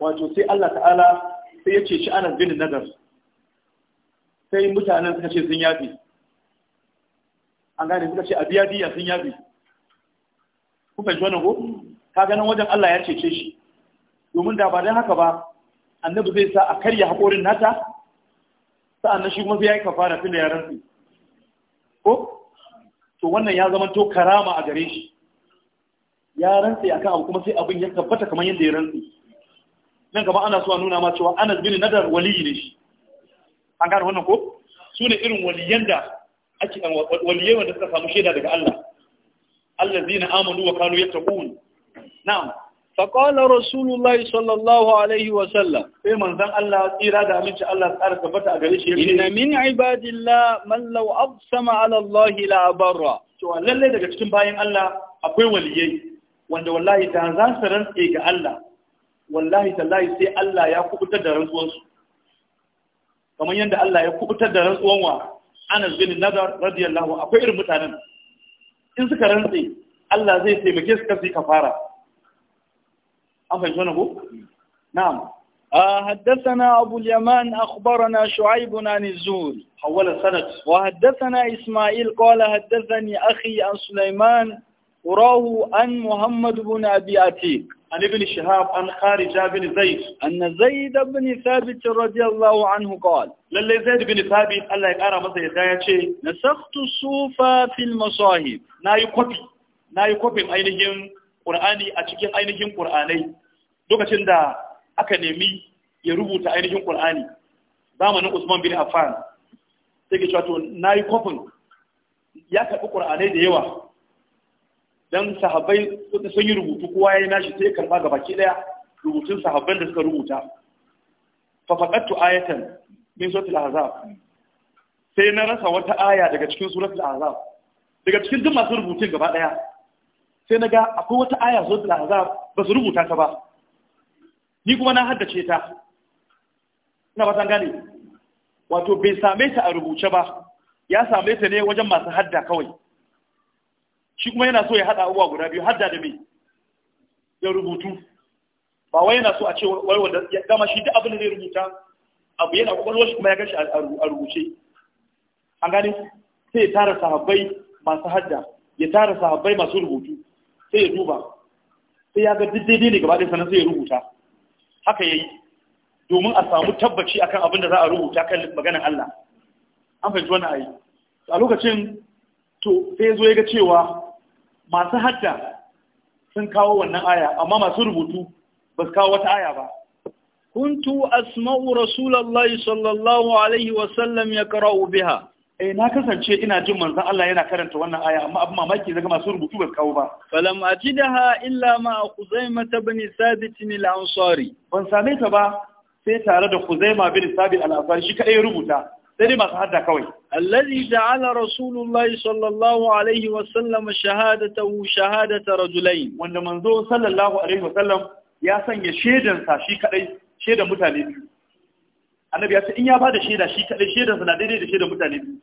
wato sai Allah ta'ala sai ya ce shi ana bin nazar sai mutanen suka ce sun yafi an gane suka ce a biya biya sun yafi kuka ji wannan ko ka ganin wajen Allah ya cece shi domin da ba dan haka ba annabi zai sa a karya hakorin nata sa'annan shi kuma sai ya kafara tun da yaran ko to wannan ya zama to karama a gare shi ya rantsi akan abu kuma sai abin ya tabbata kamar yadda ya rantsi nan gaba ana so a nuna ma cewa Anas bin Nadar waliyi ne shi an gane wannan ko su irin waliyan da ake waliyai wanda suka samu shaida daga Allah allazina amanu wa kanu yattaqun na'am fa qala rasulullah sallallahu alaihi wa sallam sai manzon Allah tsira da aminci Allah tsara tabbata a gare shi inna min ibadillah man law absama ala Allah la barra to lalle daga cikin bayan Allah akwai waliyai wanda wallahi ta za su rantse ga Allah wallahi tallahi sai Allah ya kubutar da rantsuwansu kamar yadda Allah ya kubutar da rantsuwan wa Anas bin Nadar radiyallahu akwai irin mutanen in suka rantse Allah zai taimake su kasu kafara an fahimci wannan ko na'am حدثنا أبو اليمان أخبرنا شعيب عن الزور حول السند وحدثنا إسماعيل قال حدثني أخي عن سليمان أراه عن محمد بن أبي عتيق عن ابن شهاب عن خارجة بن زيد أن زيد بن ثابت رضي الله عنه قال للي زيد بن ثابت الله يقرأ مثل يدايا نسخت الصوف في المصاحب نا يكوبي نا يكوبي أينهم قرآني أتكين أينهم قرآني دوكا تندا أكاديمي يربط أينهم قرآني zamanin Usman bin Affan sai ke cewa to na yi kofin ya karɓi ƙur'anai da yawa dan sahabbai sun yi rubutu kowa ya yi nashi sai karba ga baki daya rubutun sahabban da suka rubuta fa faqattu ayatan min suratul ahzab sai na rasa wata aya daga cikin suratul ahzab daga cikin duk masu rubutun gaba daya sai na ga akwai wata aya suratul ahzab ba su rubuta ta ba ni kuma na haddace ta ina ba san gane wato bai same ta a rubuce ba ya same ta ne wajen masu hadda kawai shi kuma yana so ya haɗa abubuwa guda biyu hadda da mai ya rubutu ba wai yana so a ce wai wanda ya gama shi duk abin da zai rubuta abu yana kwakwalwar shi kuma ya gashi a rubuce an gane sai ya tara sahabbai masu hadda ya tara sahabbai masu rubutu sai ya duba sai ya ga duk daidai ne gaba ɗaya sannan sai ya rubuta haka ya yi domin a samu tabbaci akan abin da za a rubuta kan maganar Allah an fahimci wannan ayi a lokacin to sai zo ya ga cewa masu hadda sun kawo wannan aya amma masu rubutu ba su kawo wata aya ba kuntu asma'u rasulullahi sallallahu alaihi wasallam ya qara'u biha eh na kasance ina jin manzon Allah yana karanta wannan aya amma abin mamaki zaka masu rubutu ba su kawo ba falam ajidaha illa ma Khuzaimah ibn Thabit al-Ansari ban same ta ba sai tare da Khuzaimah ibn sabit al-Ansari shi kadai rubuta sai dai masu hadda kawai allazi ja'ala rasulullahi sallallahu alaihi wa sallam shahadatahu shahadata rajulain wanda manzo sallallahu alaihi wa sallam ya sanya shedan sa shi kadai shaidan mutane biyu annabi ya ce in ya bada sheda shi kadai shedan sa na daidai da shaidan mutane biyu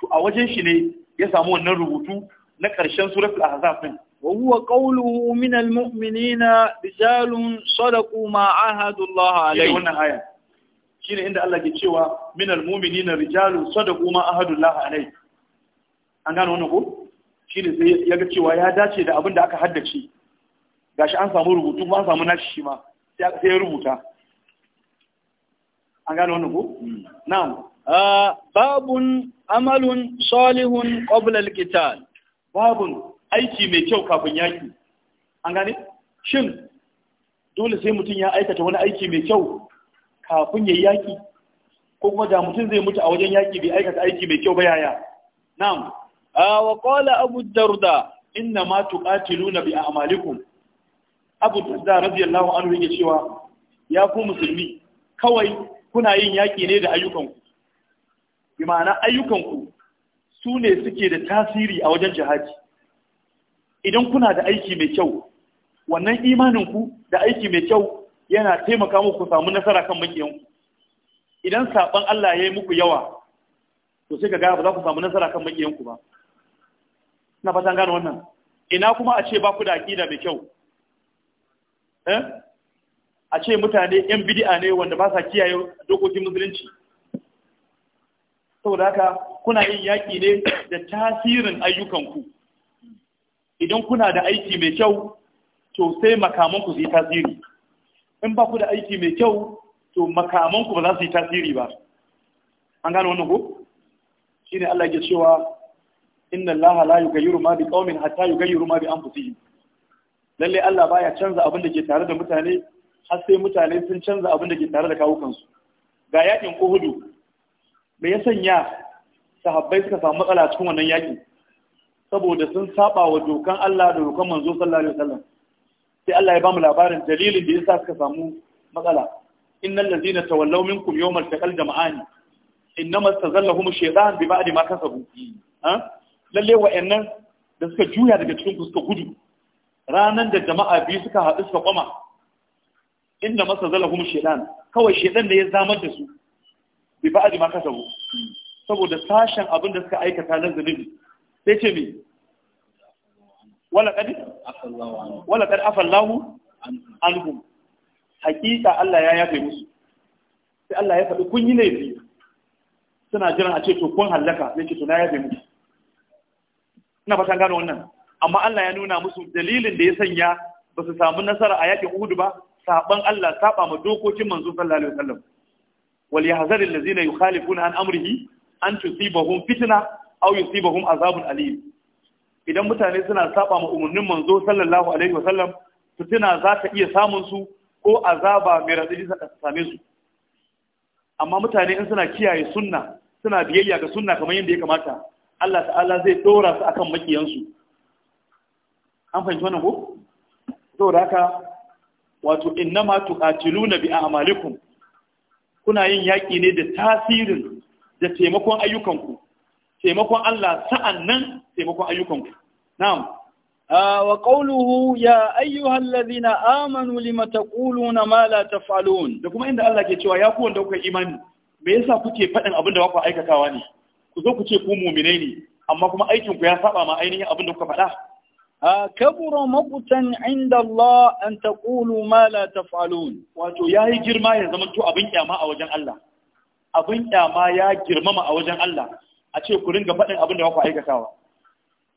to a wajen shi ne ya samu wannan rubutu na karshen suratul ahzab din wa huwa qawluhu min almu'minina rijalun sadaqu ma ahadu Allah alaihi wannan aya shine inda Allah ke cewa minal mu'minina rijalun sadaqu ma ahadullah alai an gano wannan ko shine sai ya ga cewa ya dace da abin da aka haddace gashi an samu rubutu kuma an samu nashi shi ma sai ya rubuta an gano wannan ko hmm. na'am babun amalun salihun qabla alqital babun aiki mai kyau kafin yaki an gane shin dole sai mutum ya aikata wani aiki mai kyau kafin ya yi yaƙi ko kuma da mutum zai mutu a wajen yaki bai aikata aiki mai kyau ba yaya na'am wa qala abu darda inna ma tuqatiluna bi a'malikum abu darda radiyallahu anhu yake cewa ya ku musulmi kawai kuna yin yaki ne da ayyukan ku. bi ma'ana ku su ne suke da tasiri a wajen jihadi idan kuna da aiki mai kyau wannan ku da aiki mai kyau yana taimaka muku samu nasara kan makiyanku idan saban Allah ya yi muku yawa to sai ka gaya ba za ku samu nasara kan makiyanku ba na fatan gane wannan ina kuma a ce ba ku da aqida mai kyau eh a ce mutane yan bidi'a ne wanda ba sa kiyaye dokokin musulunci saboda haka kuna yin yaƙi ne da tasirin ayyukan ku. idan kuna da aiki mai kyau to sai makamanku zai tasiri in ba ku da aiki mai kyau to makamanku ba za su yi tasiri ba an gano wannan ko shine Allah ya cewa inna Allah la yughayyiru ma qaumin hatta yughayyiru ma bi anfusihim lalle Allah baya canza abin da ke tare da mutane har sai mutane sun canza abin da ke tare da kawukansu ga yakin Uhudu me ya sanya sahabbai suka samu matsala cikin wannan yaki saboda sun saba wa dokan Allah da dokan manzo sallallahu alaihi wasallam sai Allah ya bamu labarin dalilin da sa suka samu matsala innal ladina tawallaw minkum yawmal taqal jama'ani innama tazallahum shaytan bi ma kasabu ha lalle wa'annan da suka juya daga cikin suka gudu ranar da jama'a biyu suka haɗu suka kwama innama tazallahum shaytan kawai shaytan ne ya zamar da su bi ba'di ma kasabu saboda sashen abin da suka aikata na zunubi sai ce me wala kadi wala kad afallahu anhum hakika Allah ya yafe musu sai Allah ya faɗi kun yi laifi suna jiran a ce to kun hallaka sai ce to na yafe musu ina fatan gano wannan amma Allah ya nuna musu dalilin da ya sanya ba su samu nasara a yakin Uhud ba saban Allah saba ma dokokin manzo sallallahu alaihi wasallam wal yahzar allazina yukhalifuna an amrihi an tusibahum fitna aw yusibahum azabun alim idan mutane suna saba ma umarnin manzo sallallahu alaihi wa sallam, fitina za ta iya samun su ko azaba mai radadi ta same su amma mutane in suna kiyaye sunna suna biyayya ga sunna kamar yadda ya kamata Allah ta'ala zai dora su akan makiyansu an fahimci wannan ko saboda haka wato innama tuqatiluna bi a'malikum kuna yin yaki ne da tasirin da taimakon ayyukanku taimakon Allah nan taimakon ayyukanku na'am ah, wa qawluhu ya na amanu lima na mala ta taf'alun da kuma inda Allah ke cewa ya ku kuka imani me yasa kuke faɗin abin da ba aikatawa ne ku zo ku ce ku mu'minai ne amma kuma aikinku ya saba ma ainihin abin da kuka faɗa ah, kabura makutan inda Allah an taqulu mala ta taf'alun wato yayi girma ya zama to abin kyama a wajen Allah abin kyama ya girmama a wajen Allah a ce ku ringa faɗin abin da ba ku aikatawa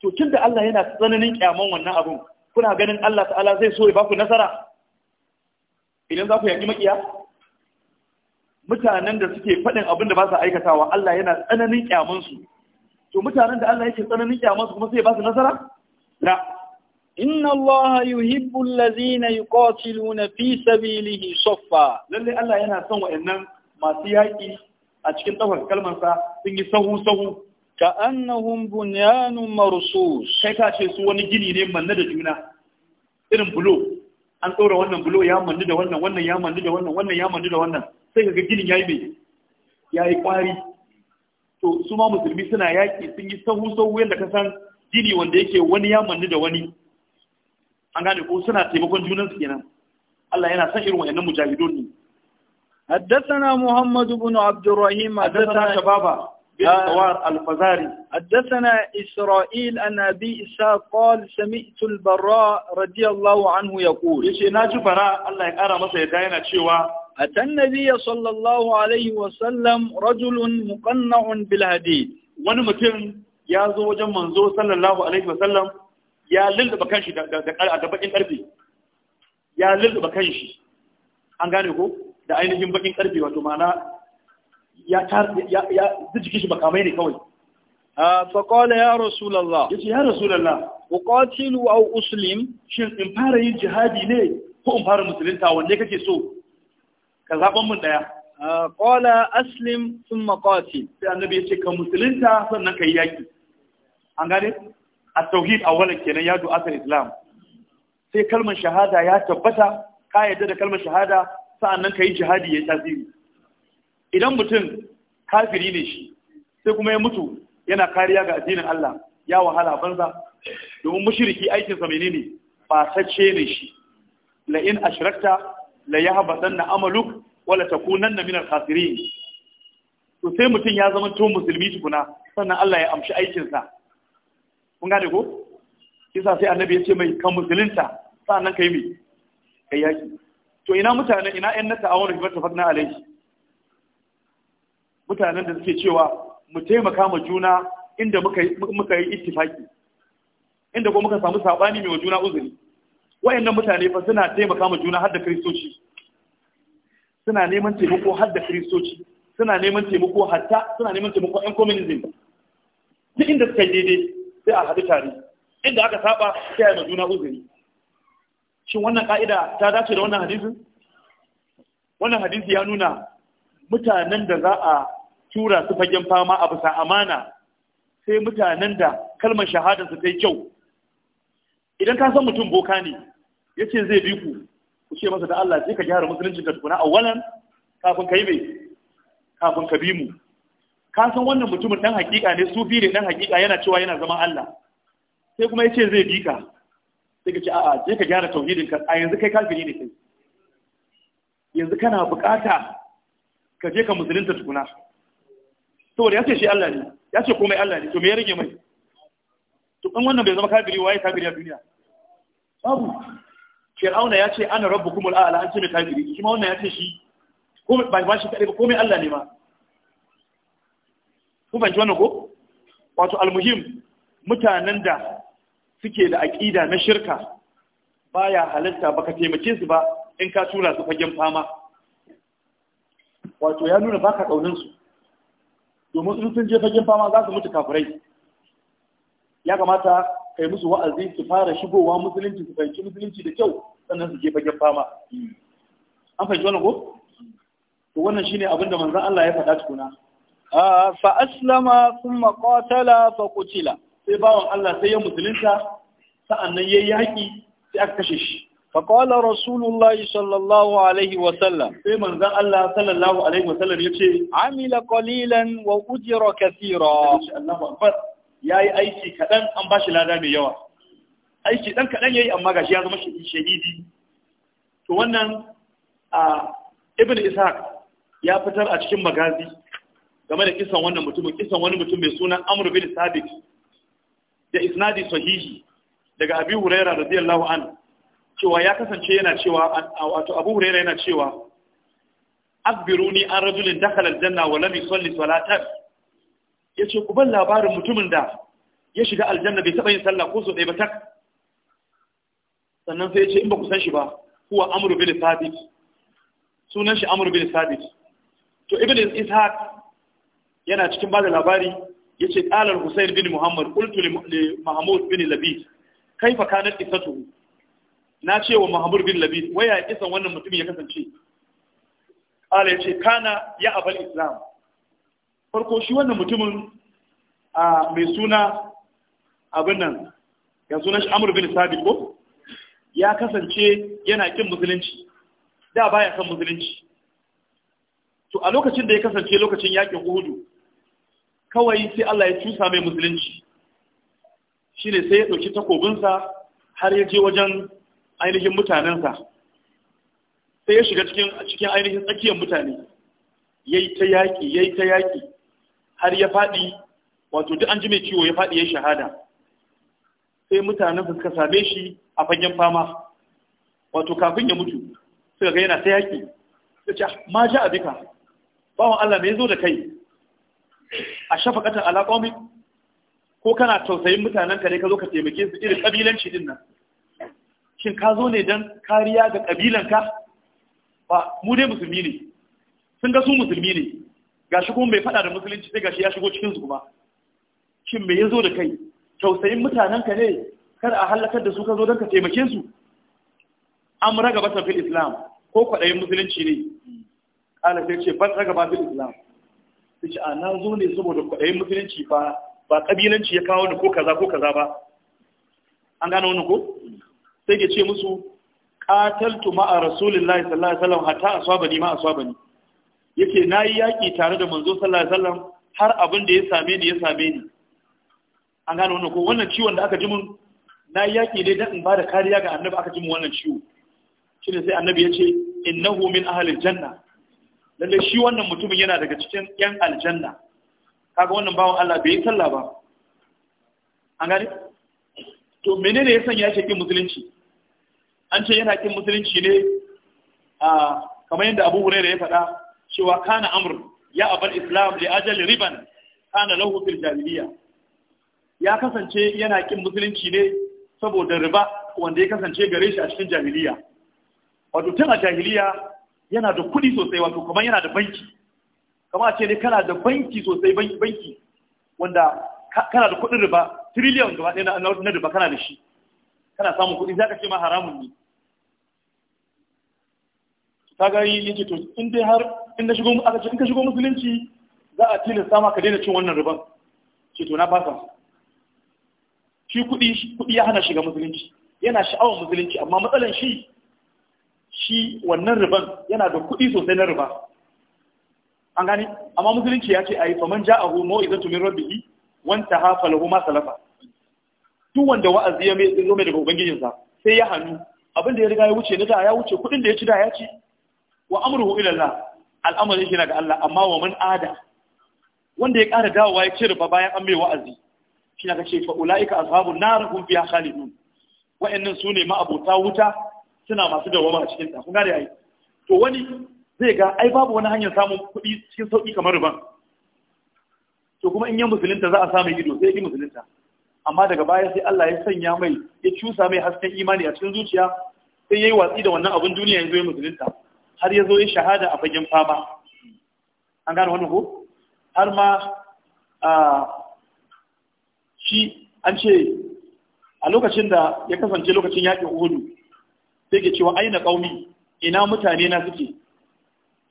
to tun da Allah yana tsananin kyaman wannan abin kuna ganin Allah ta'ala zai so ya ba ku nasara idan za ku yanki makiya mutanen da suke faɗin abin da ba su aikatawa Allah yana tsananin kyaman su to mutanen da Allah yake tsananin kyaman su kuma sai ya ba su nasara la inna Allah yuhibbu allazina yuqatiluna fi sabilihi saffa lalle Allah yana son wa'annan masu yaƙi a cikin ɗaukar kalmarsa sun yi sahu sahu ka annahum bunyanun marsus kai ka ce su wani gini ne manne da juna irin bulo an ɗora wannan bulo ya manne da wannan wannan ya manne da wannan wannan ya manne da wannan sai ka ga ginin yi mai yi ƙwari to su ma musulmi suna yaƙi sun yi sahu sahu yadda ka san gini wanda yake wani ya manne da wani an gane ko suna taimakon junansu kenan Allah yana san irin wa'annan mujahidon ne حدثنا محمد بن عبد الرحيم حدثنا شبابا بالثوار الفزاري حدثنا إسرائيل أن أبي إسحاق قال سمعت البراء رضي الله عنه يقول يشي ناجي براء الله يقرأ مسا يداينا تشيوا أتى النبي صلى الله عليه وسلم رجل مقنع بالهديد ونمتن يا زوج منزو صلى الله عليه وسلم يا لل بكنشي da bakin karfi ya lulluba kanshi an gane ko da ainihin bakin karfe wato ma'ana ya ya jiki shi makamai ne kawai ah, faƙola ya rasulallah ya ce ya rasulallah ku ƙwacin wa usulim Shin in fara yin jihadi ne ko in fara musulunta wanda kake so ka zaɓan mun ɗaya ƙwala ah, aslim sun maƙwaci sai annabi ya ce ka musulunta sannan ka yi yaƙi an gane a tauhid a wani kenan ya du'atar islam sai kalmar shahada ya tabbata ka yadda da kalmar shahada sa'annan ka yi jihadi ya tasiri idan mutum kafiri ne shi sai kuma ya mutu yana kariya ga addinin Allah ya wahala banza domin ne aikinsa menene ce ne shi la ya haɓa ɗan na amaluk wala na minal kafiri to sai mutum ya zama to musulmi tukuna sannan Allah ya amshi aikinsa kun gane ko kisa sai annabi ya ce mai kan musulunta ka yi mai kai yaki to ina mutane ina yan na ta'awun fi tafakna alaihi mutanen da suke cewa mu taimaka ma juna inda muka muka yi ittifaki inda ko muka samu sabani mai wa juna uzuri wayannan mutane fa suna taimaka ma juna har da kristoci suna neman taimako har da kristoci suna neman taimako hatta suna neman taimako yan communism duk inda suka daidai sai a haɗu tare inda aka saba sai a juna uzuri shin wannan ka'ida ta dace da wannan hadisin wannan hadisi ya nuna mutanen da za a tura su fagen fama a bisa amana sai mutanen da kalmar shahadar su kai kyau idan ka san mutum boka ne ya ce zai bi ku ku ce masa da Allah sai ka gyara musulunci ka tukuna awalan kafin ka yi mai kafin ka bi mu ka san wannan mutumin dan hakika ne sufi ne dan hakika yana cewa yana zaman Allah sai kuma ya ce zai bi ka sai ka ce a'a je ka gyara tauhidin ka a yanzu kai kafiri ne kai yanzu kana bukata ka je ka musulunta tukuna saboda ya ce shi Allah ne ya ce komai Allah ne to me ya rage mai to in wannan bai zama kafiri waye kafiri a duniya babu fir'auna ya ce ana rabbukum a'la an ce mai kafiri shi ma wannan ya ce shi komai ba ba shi kadai ba komai Allah ne ma ku ban wannan ko wato almuhim mutanen da suke da aƙida na shirka baya halatta baka taimake su ba in ka tura su fagen fama wato ya nuna baka kaunin su domin in sun je fagen fama za su mutu kafirai ya kamata kai musu wa'azi su fara shigowa musulunci su fahimci musulunci da kyau sannan su je fagen fama an fahimci wannan ko to wannan shine abin da manzon Allah ya faɗa tukuna ah, fa aslama thumma qatala fa qutila sai bawan Allah sai ya musulunta sa'annan yi yaki sai aka kashe shi فقال رسول الله صلى الله عليه وسلم في من ذا الله صلى الله عليه وسلم يقول عمل قليلا Ya yi aiki kaɗan an أيشي كدن أم باش لا دامي يوا أيشي دن كدن يا أم ya zama مش to wannan a ibn ishaq ya fitar a cikin magazi game da kisan wannan mutumin kisan wani mutum mai suna amr bin sabit da isnadi sahihi daga abi huraira radiyallahu an cewa ya kasance yana cewa wato abu huraira yana cewa akhbiruni an rajulin dakhala aljanna wa lam yusalli salatan yace ku ban labarin mutumin da ya shiga aljanna bai taba yin sallah ko so dai ba tak sannan sai yace in ba ku san shi ba huwa amru bil sabit sunan shi amru bil sabit to ibn ishaq yana cikin bada labari yace qala al-husayn bin muhammad qultu li mahmud bin labid kaifa kanat isatuhu na ce wa mahmud bin labid waya isan wannan mutum ya kasance qala yace kana ya abal islam farko shi wannan mutumin a mai suna abin nan ya suna shi amr bin sabit ko ya kasance yana kin musulunci da baya kan musulunci to a lokacin da ya kasance lokacin yakin uhudu kawai sai Allah ya cusa mai musulunci Shi ne sai ya ɗauki takobinsa har ya je wajen ainihin mutanensa sai ya shiga cikin ainihin tsakiyar mutane ya yi ta yaƙi ya yi ta yaƙi har ya faɗi wato duk an ji mai ciwo ya faɗi ya shahada sai mutanen suka same shi a fagen fama wato kafin ya mutu suka ga yana ta yaƙi ya ce ah, ma ji abika bawan Allah me zo da kai a shafaqatan ala qaumi ko kana tausayin mutanen ka ne ka zo ka taimake su irin ƙabilanci din nan shin ka zo ne don kariya ga ƙabilanka? ba mu dai musulmi ne sun ga su musulmi ne Ga shi kuma bai fada da musulunci sai ga shi ya shigo cikin kuma shin me zo da kai tausayin mutanen ka ne kar a halakar da su ka zo don ka taimake su an ragaba fil islam ko kwaɗayin musulunci ne ƙala sai ce ban ragaba fil islam su ce a na zo ne saboda kwaɗayin musulunci ba ba ƙabilanci ya kawo ni ko kaza ko kaza ba an gane wani ko sai ke ce musu qataltu ma'a rasulillahi sallallahu alaihi wasallam hatta asabani ma asabani na yi yaƙi tare da manzo sallallahu alaihi har abin da ya same ni ya same ni an gane wani ko wannan ciwon da aka ji mun na yi yaƙi ne don in ba da kariya ga annabi aka ji mun wannan ciwo shine sai annabi ya yace innahu min ahalin janna lalle shi wannan mutumin yana daga cikin yan aljanna kaga wannan bawan Allah bai yi ba an gani? to menene ya sanya kin musulunci an ce yana kin musulunci ne a kamar yadda Abu Hurairah ya faɗa cewa kana amr ya abal islam li ajal riban kana lahu fil jahiliya ya kasance yana kin musulunci ne saboda riba wanda ya kasance gare shi a cikin jahiliya wato tun a jahiliya yana da kuɗi sosai wato kuma yana da banki Kama a ce ne kana da banki sosai banki wanda kana da kudin riba trillion gaba ɗaya na riba kana da shi kana samun kuɗi za ka ce ma haramun ne ta ga yi yake to in dai har in na shigo aka ce in ka shigo musulunci za a tilasta sama ka daina cin wannan riban ce to na fasa shi kuɗi kudi ya hana shiga musulunci yana sha'awar musulunci amma matsalan shi shi wannan riban yana da kuɗi sosai na riba an gani amma musulunci ya ce a yi faman ja'ahu mau'izatu min rabbihi wanta hafa lahu ma salafa duk wanda wa'azi ya zo mai daga ubangijinsa sai ya hannu abin da ya riga ya wuce na da ya wuce kuɗin da ya ci da ya ci wa amruhu ila Allah al'amarin shi na ga Allah amma wa man ada wanda ya ƙara dawowa ya ce riba bayan an mai wa'azi shi na ga ce fa ulaika ashabun nar hum fiha khalidun wa'annan sune ma abota wuta suna masu dawama a cikin kun gane ai to wani zai ga ai babu wani hanyar samun kuɗi cikin sauƙi kamar ruban to kuma in yi musulunta za a samu ido sai yi musulunta amma daga baya sai Allah ya sanya mai ya cusa mai hasken imani a cikin zuciya sai ya yi watsi da wannan abin duniya ya zo ya musulunta har ya zo ya shahada a fagen fama an gane wannan ko har ma a shi an ce a lokacin da ya kasance lokacin yaƙin uhudu sai ke cewa aina ƙaumi ina mutane na suke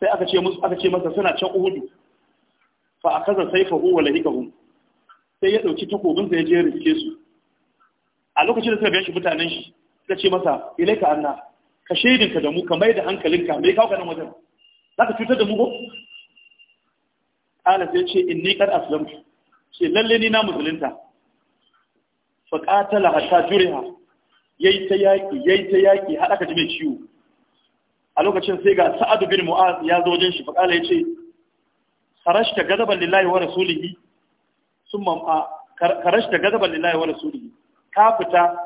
sai aka ce musu aka ce masa suna can uhudu fa akaza sayfahu wa lahikahum sai ya dauki takobin sa ya je riske su a lokacin da suka ganshi shi mutanen shi suka ce masa ilaika anna ka shaidinka da mu ka mai da hankalinka mai kawo kanan wajen za ka cutar da mu ko ƙala sai ce in ni kar aslamtu ce lalle ni na musulunta fa qatala hatta juriha yayi ta yaki yayi ta yaki har aka ji mai ciwo a lokacin sai ga Sa'ad bin Mu'az ya zo wajen shi fakala yace kharashta gadaban lillahi wa rasulihi summa kharashta gadaban lillahi wa rasulihi ka fita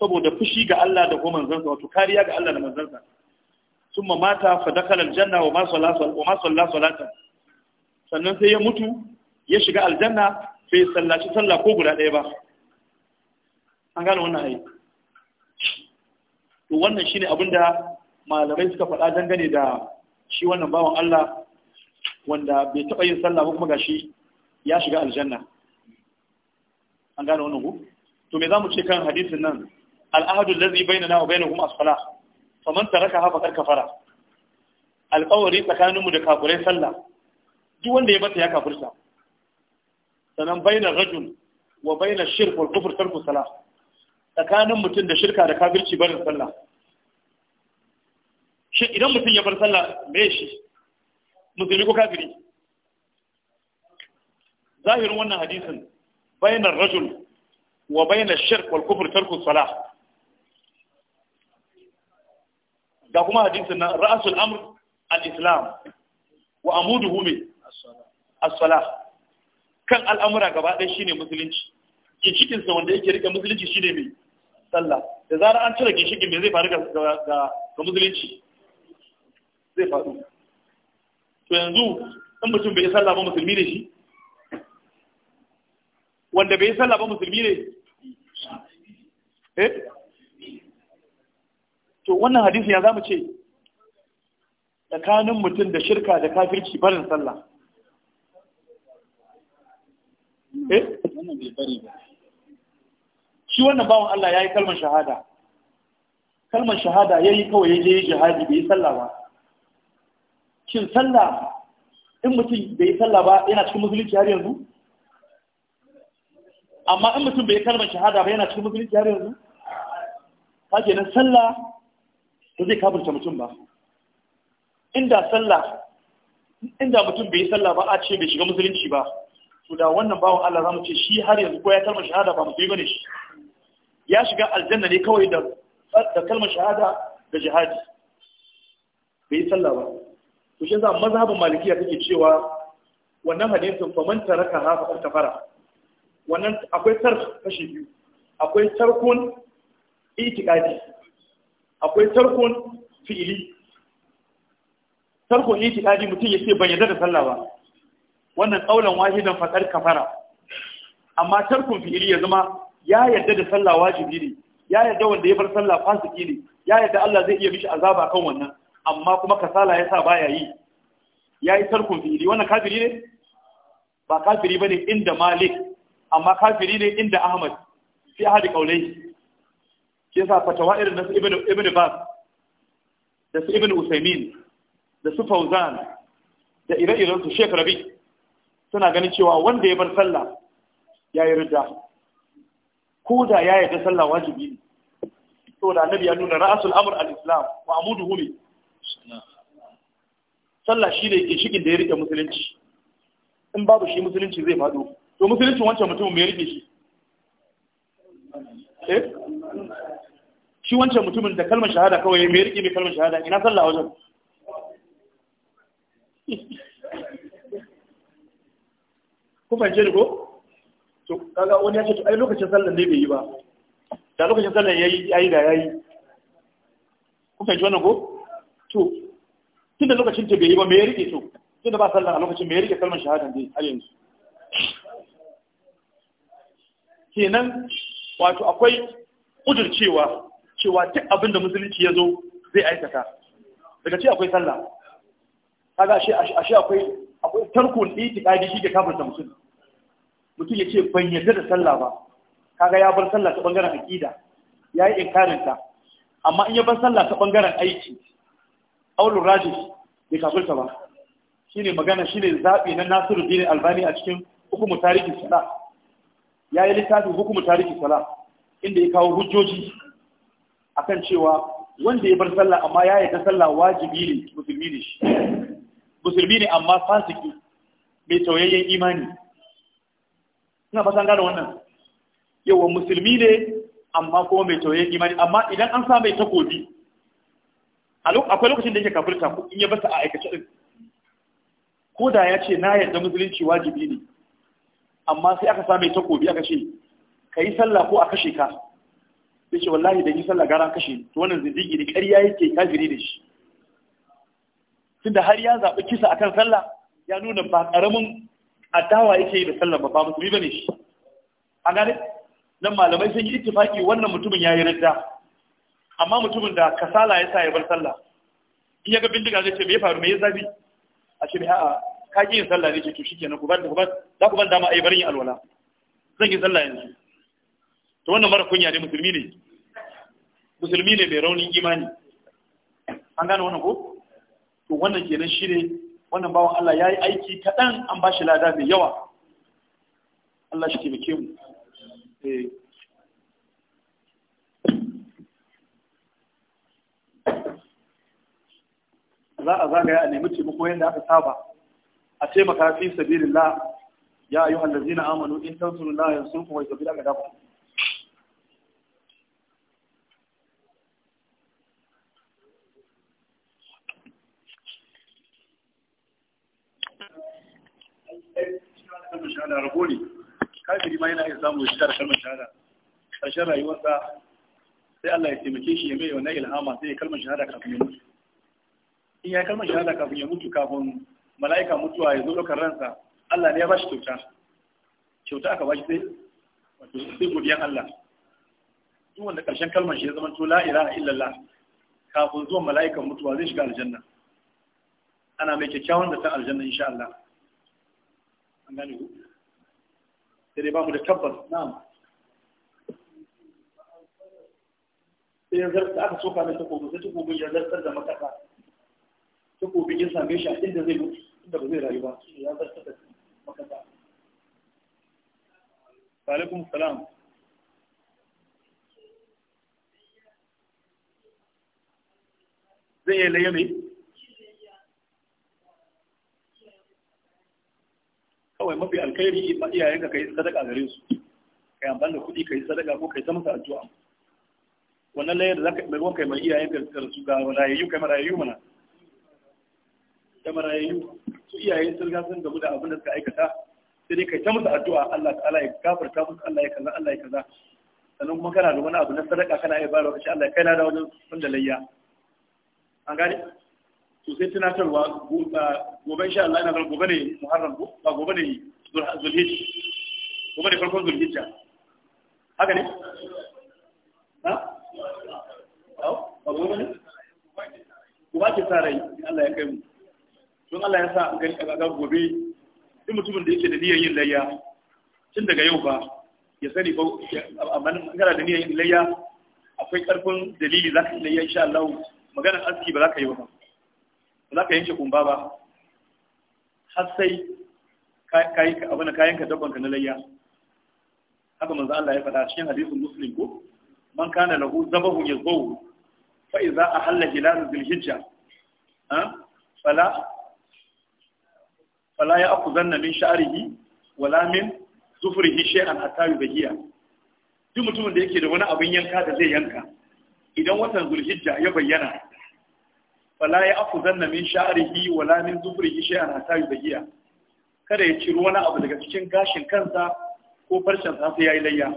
saboda fushi ga Allah da kuma manzansa wato kariya ga Allah da manzansa summa mata fa dakhala aljanna wa ma sallasa wa ma sallasa salata sannan sai ya mutu ya shiga aljanna sai sallaci sallah ko guda ɗaya ba an gane wannan ayi to wannan shine abin da malamai suka faɗa dangane da shi wannan bawan Allah wanda bai taɓa yin sallah ba kuma gashi ya shiga aljanna an gane wannan ku to me zamu ce kan hadisin nan al'ahadu allazi bainana wa bainakum as-salah faman tarakaha faqad kafara alƙawari tsakaninmu da kafirai sallah duk wanda ya bata ya kafirta sanan baina rajul wa baina shirk wal kufr tarku salah tsakanin mutum da shirka da kafirci barin sallah shi idan mutum ya bar sallah me shi musulmi ko kafiri zahirin wannan hadisin bainar rajul wa bainar shirk wal kufur tarku salah ga kuma hadisin na, ra'asul amr al-islam wa amuduhu me as-salah kan al'amura gaba ɗaya shine musulunci ke cikinsa wanda yake rike musulunci shine mai sallah da zara an cire ginshikin me zai faru ga musulunci zai faru to yanzu in mutum bai yi sallah ba musulmi ne shi wanda bai yi sallah ba musulmi ne eh to wannan hadisi ya zamu ce tsakanin mutum da shirka da kafirci barin sallah eh wannan bai bari ba shi wannan bawan Allah ya yi kalmar shahada kalmar shahada ya yi kawai ya je jihadi bai yi sallah ba shin sallah in mutum bai yi sallah ba yana cikin musulunci har yanzu amma in mutum bai yi kalmar shahada ba yana cikin musulunci har yanzu ka ke nan sallah ba zai kafirta mutum ba inda sallah inda mutum bai yi sallah ba a ce bai shiga musulunci ba to da wannan bawan Allah za mu ce shi har yanzu ko ya kalmar shahada ba ba ne shi ya shiga aljanna ne kawai da da kalmar shahada da jihadi bai yi sallah ba to shi yasa mazhabin malikiya take cewa wannan hadisin faman taraka ha fa kafara wannan akwai tarf kashi biyu akwai tarkun itiqadi akwai tarkun fi'ili tarkun itiqadi mutum ya ce ban yarda da sallah ba wannan kaulan wahidan fadar kafara amma tarkun fi'ili ya zama ya yarda da sallah wajibi ne ya yarda wanda ya bar sallah fasiki ne ya yarda Allah zai iya mishi azaba kan wannan amma kuma kasala yasa baya yi yayi tarkun fili, wannan kafiri ne ba kafiri bane inda Malik amma kafiri ne inda Ahmad fi hadi qaulai shi yasa fatawa irin nasu ibnu ibnu Bas da su ibnu Usaymin da su Fauzan da ire-iren su shekarabi suna ganin cewa wanda ya bar sallah yayi ridda ko da ya ta sallah wajibi ne da annabi ya nuna ra'asul amr al-islam wa amuduhu ne sallah shi ne ke shigin da ya rike musulunci in babu shi musulunci zai faɗo to musulunci wancan mutumin mai rike shi eh shi wancan mutumin da kalmar shahada kawai mai rike mai kalmar shahada ina sallah wajen ku fahimce ko to kaga wani ya ce to ai lokacin sallar ne bai yi ba da lokacin sallar yayi yayi da yayi ku fahimci wannan ko to tunda lokacin ta bai yi ba me ya rike to tunda ba sallar a lokacin me ya rike kalmar shahada dai har yanzu kenan wato akwai kudurcewa cewa duk abin da musulunci ya zo zai aikata daga ce akwai sallah kaga ashe ashe akwai akwai tarkun itikadi shi ke kafirta musulmi mutum ya ce ban yadda da sallah ba kaga ya bar sallah ta bangaren aqida ya yi inkarin amma in ya bar sallah ta bangaren aiki aulur rajih bai kafirta ba shine magana shine zabi na Nasiru Nasiruddin Albani a cikin hukumu tarihi sala ya yi hukumu tarihi sala inda ya kawo hujjoji kan cewa wanda ya bar sallah amma ya yi ta sallah wajibi ne musulmi ne musulmi ne amma fasiki mai tauyayyen imani ina fatan gane wannan wa musulmi ne amma kuma mai tauye imani amma idan an sa mai takobi akwai lokacin da yake kafirta in ya basa a aikace din ko da ya ce na yarda musulunci wajibi ne amma sai aka sa mai takobi aka ce ka yi sallah ko a kashe ka Ya ce wallahi da yi sallah gara kashe to wannan zindigi ne ƙarya yake kafiri da shi tunda har ya zaɓi kisa akan sallah ya nuna ba ƙaramin adawa yake yi da sallar ba musulmi bane shi A gane nan malamai sun yi ittifaki wannan mutumin ya yi radda amma mutumin da kasala ya sa ya bar sallah in ya ga bindiga zai ce me ya faru me ya zabi a ce a'a ka ki yin sallah ne ce to shikenan ku ban ku ban za ku ban dama ai barin yin alwala zan yi sallah yanzu to wannan mara kunya ne musulmi ne musulmi ne mai raunin imani an gane wannan ko to wannan kenan shi ne. wannan bawan Allah ya yi aiki kaɗan an ba shi lada mai yawa Allah shi taimake mu eh. za a zagaya a nemi taimako yadda aka saba a taimaka fi sabilillah ya ayyuhal ladzina amanu in tansurullaha yansurkum wa yuthabbit aqdamakum na rago ne kafiri ma yana iya samun shi da kalmar shahada ƙarshen rayuwarsa sai Allah ya taimake shi ya mai wannan ilhama sai ya kalmar shahada kafin ya mutu in ya kalmar shahada kafin ya mutu kafin mala'ika mutuwa ya zo ɗaukar ransa Allah ne ya ba shi kyauta kyauta aka ba shi sai wato sai godiyan Allah duk wanda ƙarshen kalmar shi ya zama to la ilaha illallah kafin zuwan mala'ikan mutuwa zai shiga aljanna ana mai kyakkyawan da ta aljanna insha Allah an gane ku الإمام يتكبر نعم ينزل أخذ سوكا من تقوم تقوم من ينزل سرد مكاكا تقوم من ينزل ميشا إنت زي موت إنت بزي رأيبا ينزل سرد مكاكا عليكم السلام زي اللي يمي kawai mafi alkhairi ma iyayenka kai sadaka gare su kai amfani da kuɗi kai sadaka ko kai ta masa addu'a wannan layar da zaka mai kai mai iyayenka da su ga rayayyu kai marayayyu mana da marayayyu su iyaye sun ga sun gamu da abin da suka aikata sai dai kai ta musu addu'a Allah ta'ala ya gafarta musu Allah ya kaza Allah ya kaza sannan kuma kana da wani abu na sadaka kana iya bayarwa kace Allah ya kai na da wajen sun da layya an gane Sosai tunatarwa uh, gobe insha Allah ina ga gobe ne Muharram ko ba gobe ne Zulhijja gobe ne farkon Zulhijja haka ne ha ba gobe ne ba ki sarai in Allah ya kai mu don Allah ya sa an gani ga gobe duk mutumin da yake da niyyar yin layya tun daga yau ba ya sani ba amma kana da niyyar yin layya akwai karfin dalili za ka yi layya insha Allah maganar aski ba za ka yi ba ba za ka yanke kumba ba har sai kayan abin da kayan ka na layya haka manzo Allah ya faɗa cikin hadisin muslim ko man kana lahu zabahu yazbahu fa idza ahalla hilal hijja ha fala fala akuzanna min sha'rihi wala min zufrihi shay'an hatta yubahiya duk mutumin da yake da wani abin yanka da zai yanka idan watan zulhijja ya bayyana fala ya aku zanna min sha'rihi wala min zufrihi shay'an hatta yubayya kada ya ciro wani abu daga cikin gashin kansa ko farcen sa sai yayi layya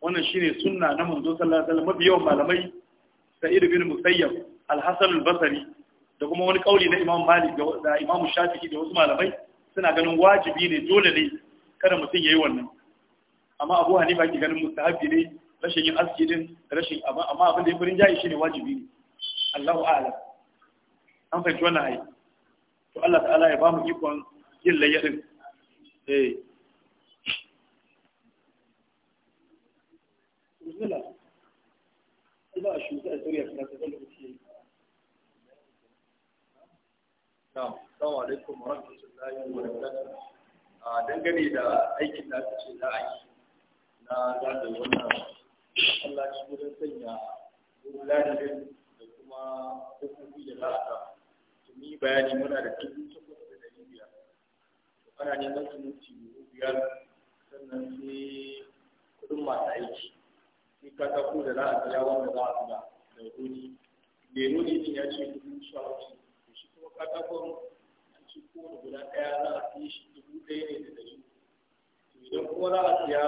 wannan shine sunna na manzo sallallahu alaihi wasallam mafi malamai sa'id bin musayyab al-hasan al-basri da kuma wani kauli na imam malik da imam shafi'i da wasu malamai suna ganin wajibi ne dole ne kada mutum yayi wannan amma abu hanifa ke ganin mustahabi ne rashin yin aski din rashin amma abin da ya furin jayi shine wajibi ne Allahu a'lam an fahimci wannan ai to Allah ta'ala ya ba mu ikon yin layya din eh bismillah Allah a shuka a tsoriya kana ta zalla kuke Na'am, assalamu alaikum wa rahmatullahi wa barakatuh. A dangane da aikin da aka ce za a yi na zagaye wannan Allah shi wurin sanya wulanin kuma hukumomi da za a samu sun yi bayani muna da dubu takwas da dari biyar ana neman siminti dubu biyar sannan sai kuɗin masu aiki sai katako da za a biya wanda za a biya da rodi mai rodi din ya ce dubu sha uku shi kuma katakon an ce kowane guda ɗaya za a siye shi dubu ɗaya ne da dari idan kuma za a siya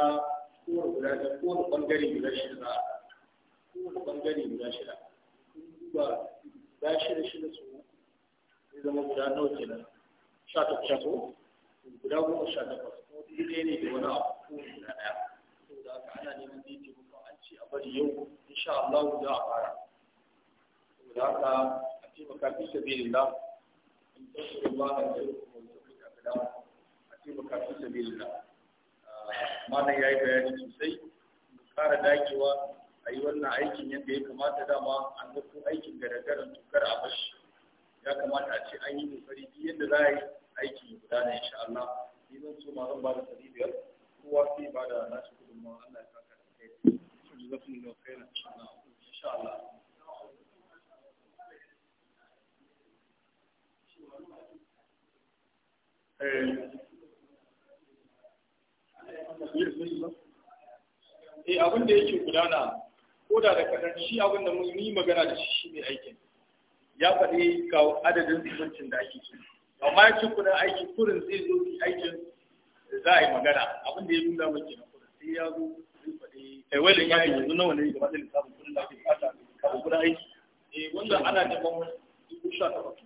kowane guda ɗaya kowane ɓangare guda shida za a kowane ɓangare guda shida duba da shida shida su zai zama guda nawa kenan sha takwas sha takwas guda goma sha takwas ko daidai ne da wani abu ko guda ɗaya saboda haka ana neman zai taimako an ce a bari yau insha Allah za a fara saboda haka a taimaka fi sabilillah in tasurullah da zai kuma tabbata kada a taimaka fi sabilillah ah, ya yi bayani sosai kara dakewa a yi wannan aikin yadda ya kamata dama an zarto aikin garagaran tukar a bashi ya kamata a ce an yi kokari duk yadda za a yi aikin ya gudana insha Allah ni zan so ma zan ba da ɗari biyar kowa sai ba da nasu ma Allah ya saka da kai su ji zafin da kai na insha Allah eh. eh abin da yake gudana ko da da kadan shi abin da mun yi magana da shi shi ne aikin ya faɗi ga adadin zumuncin da ake ci amma ya ci kudin aiki kurin zai zo ki aikin za a yi magana abin da ya nuna mun kenan kurin sai ya zo zai faɗi kai eh, wai ya yi yanzu nawa ne gaba da lissafin kudin da ake bukata kafin kudin aiki eh wanda ana neman dubu sha takwas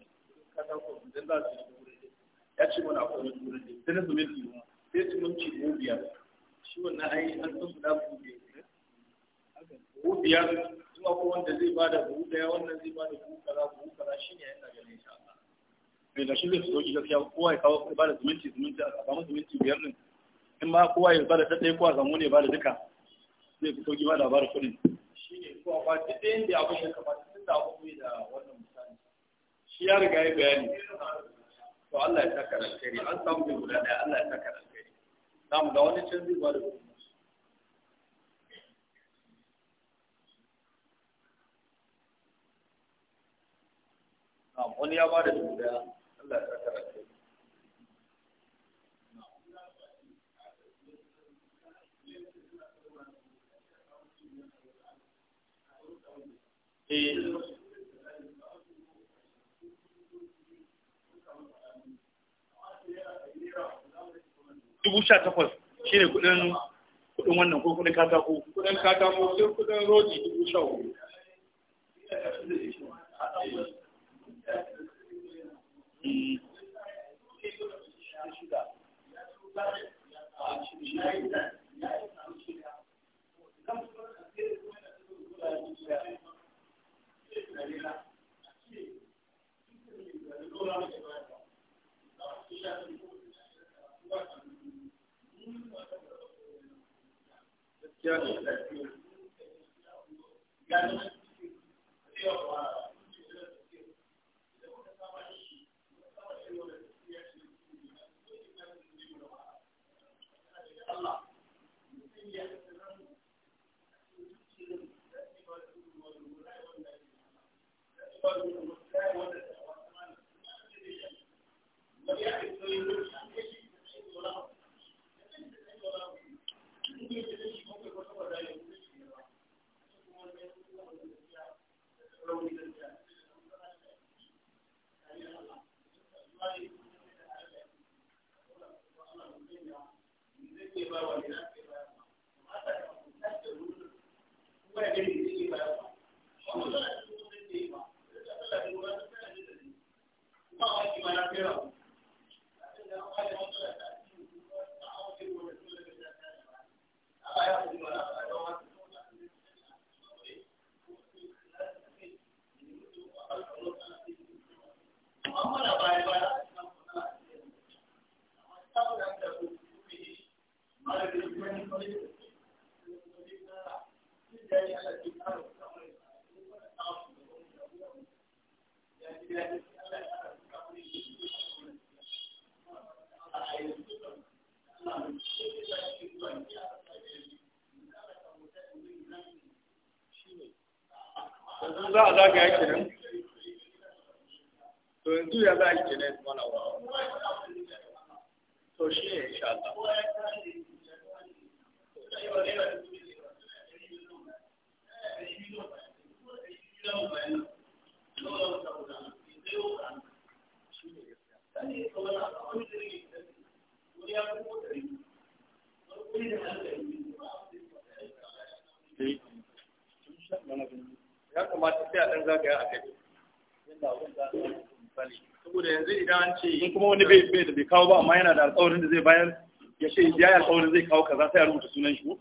katako idan za su yi wurin ya ce mana akwai wani wurin da ya sai na zumin sai zumunci mu biyar shi wannan ai an san guda mu biyar buhu biyar in akwai wanda zai ba da buhu daya wannan zai ba da buhu kaza buhu kaza shi ne yana ganin insha Allah bai da shi zai fito ki gaskiya kowa ya kawo ba da zumunci zumunci a samu zumunci biyar din in ba kowa ya ba da ɗaɗɗaya kowa samu ne ba da duka zai fi sauki ba da bada kuɗin shi ne kowa ba duk ɗayan da abin ya kamata tun da abin da wannan misali shi ya riga ya bayani to Allah ya saka alkhairi an samu da guda ɗaya Allah ya saka alkhairi zamu da wani can ba da buhu. wani ya ba da dubu daya Allah ya eh. dubu sha takwas shi ne kudin wannan ko kudin katako kudin katako sai kudin rodi dubu sha hudu Yeah. za a zagaya kenan ya za a a an ce kuma wani bai bai da kawo ba amma yana da alƙawarin da ya ce ya yi alƙawarin zai kawo kaza sai a rubuta sunan shi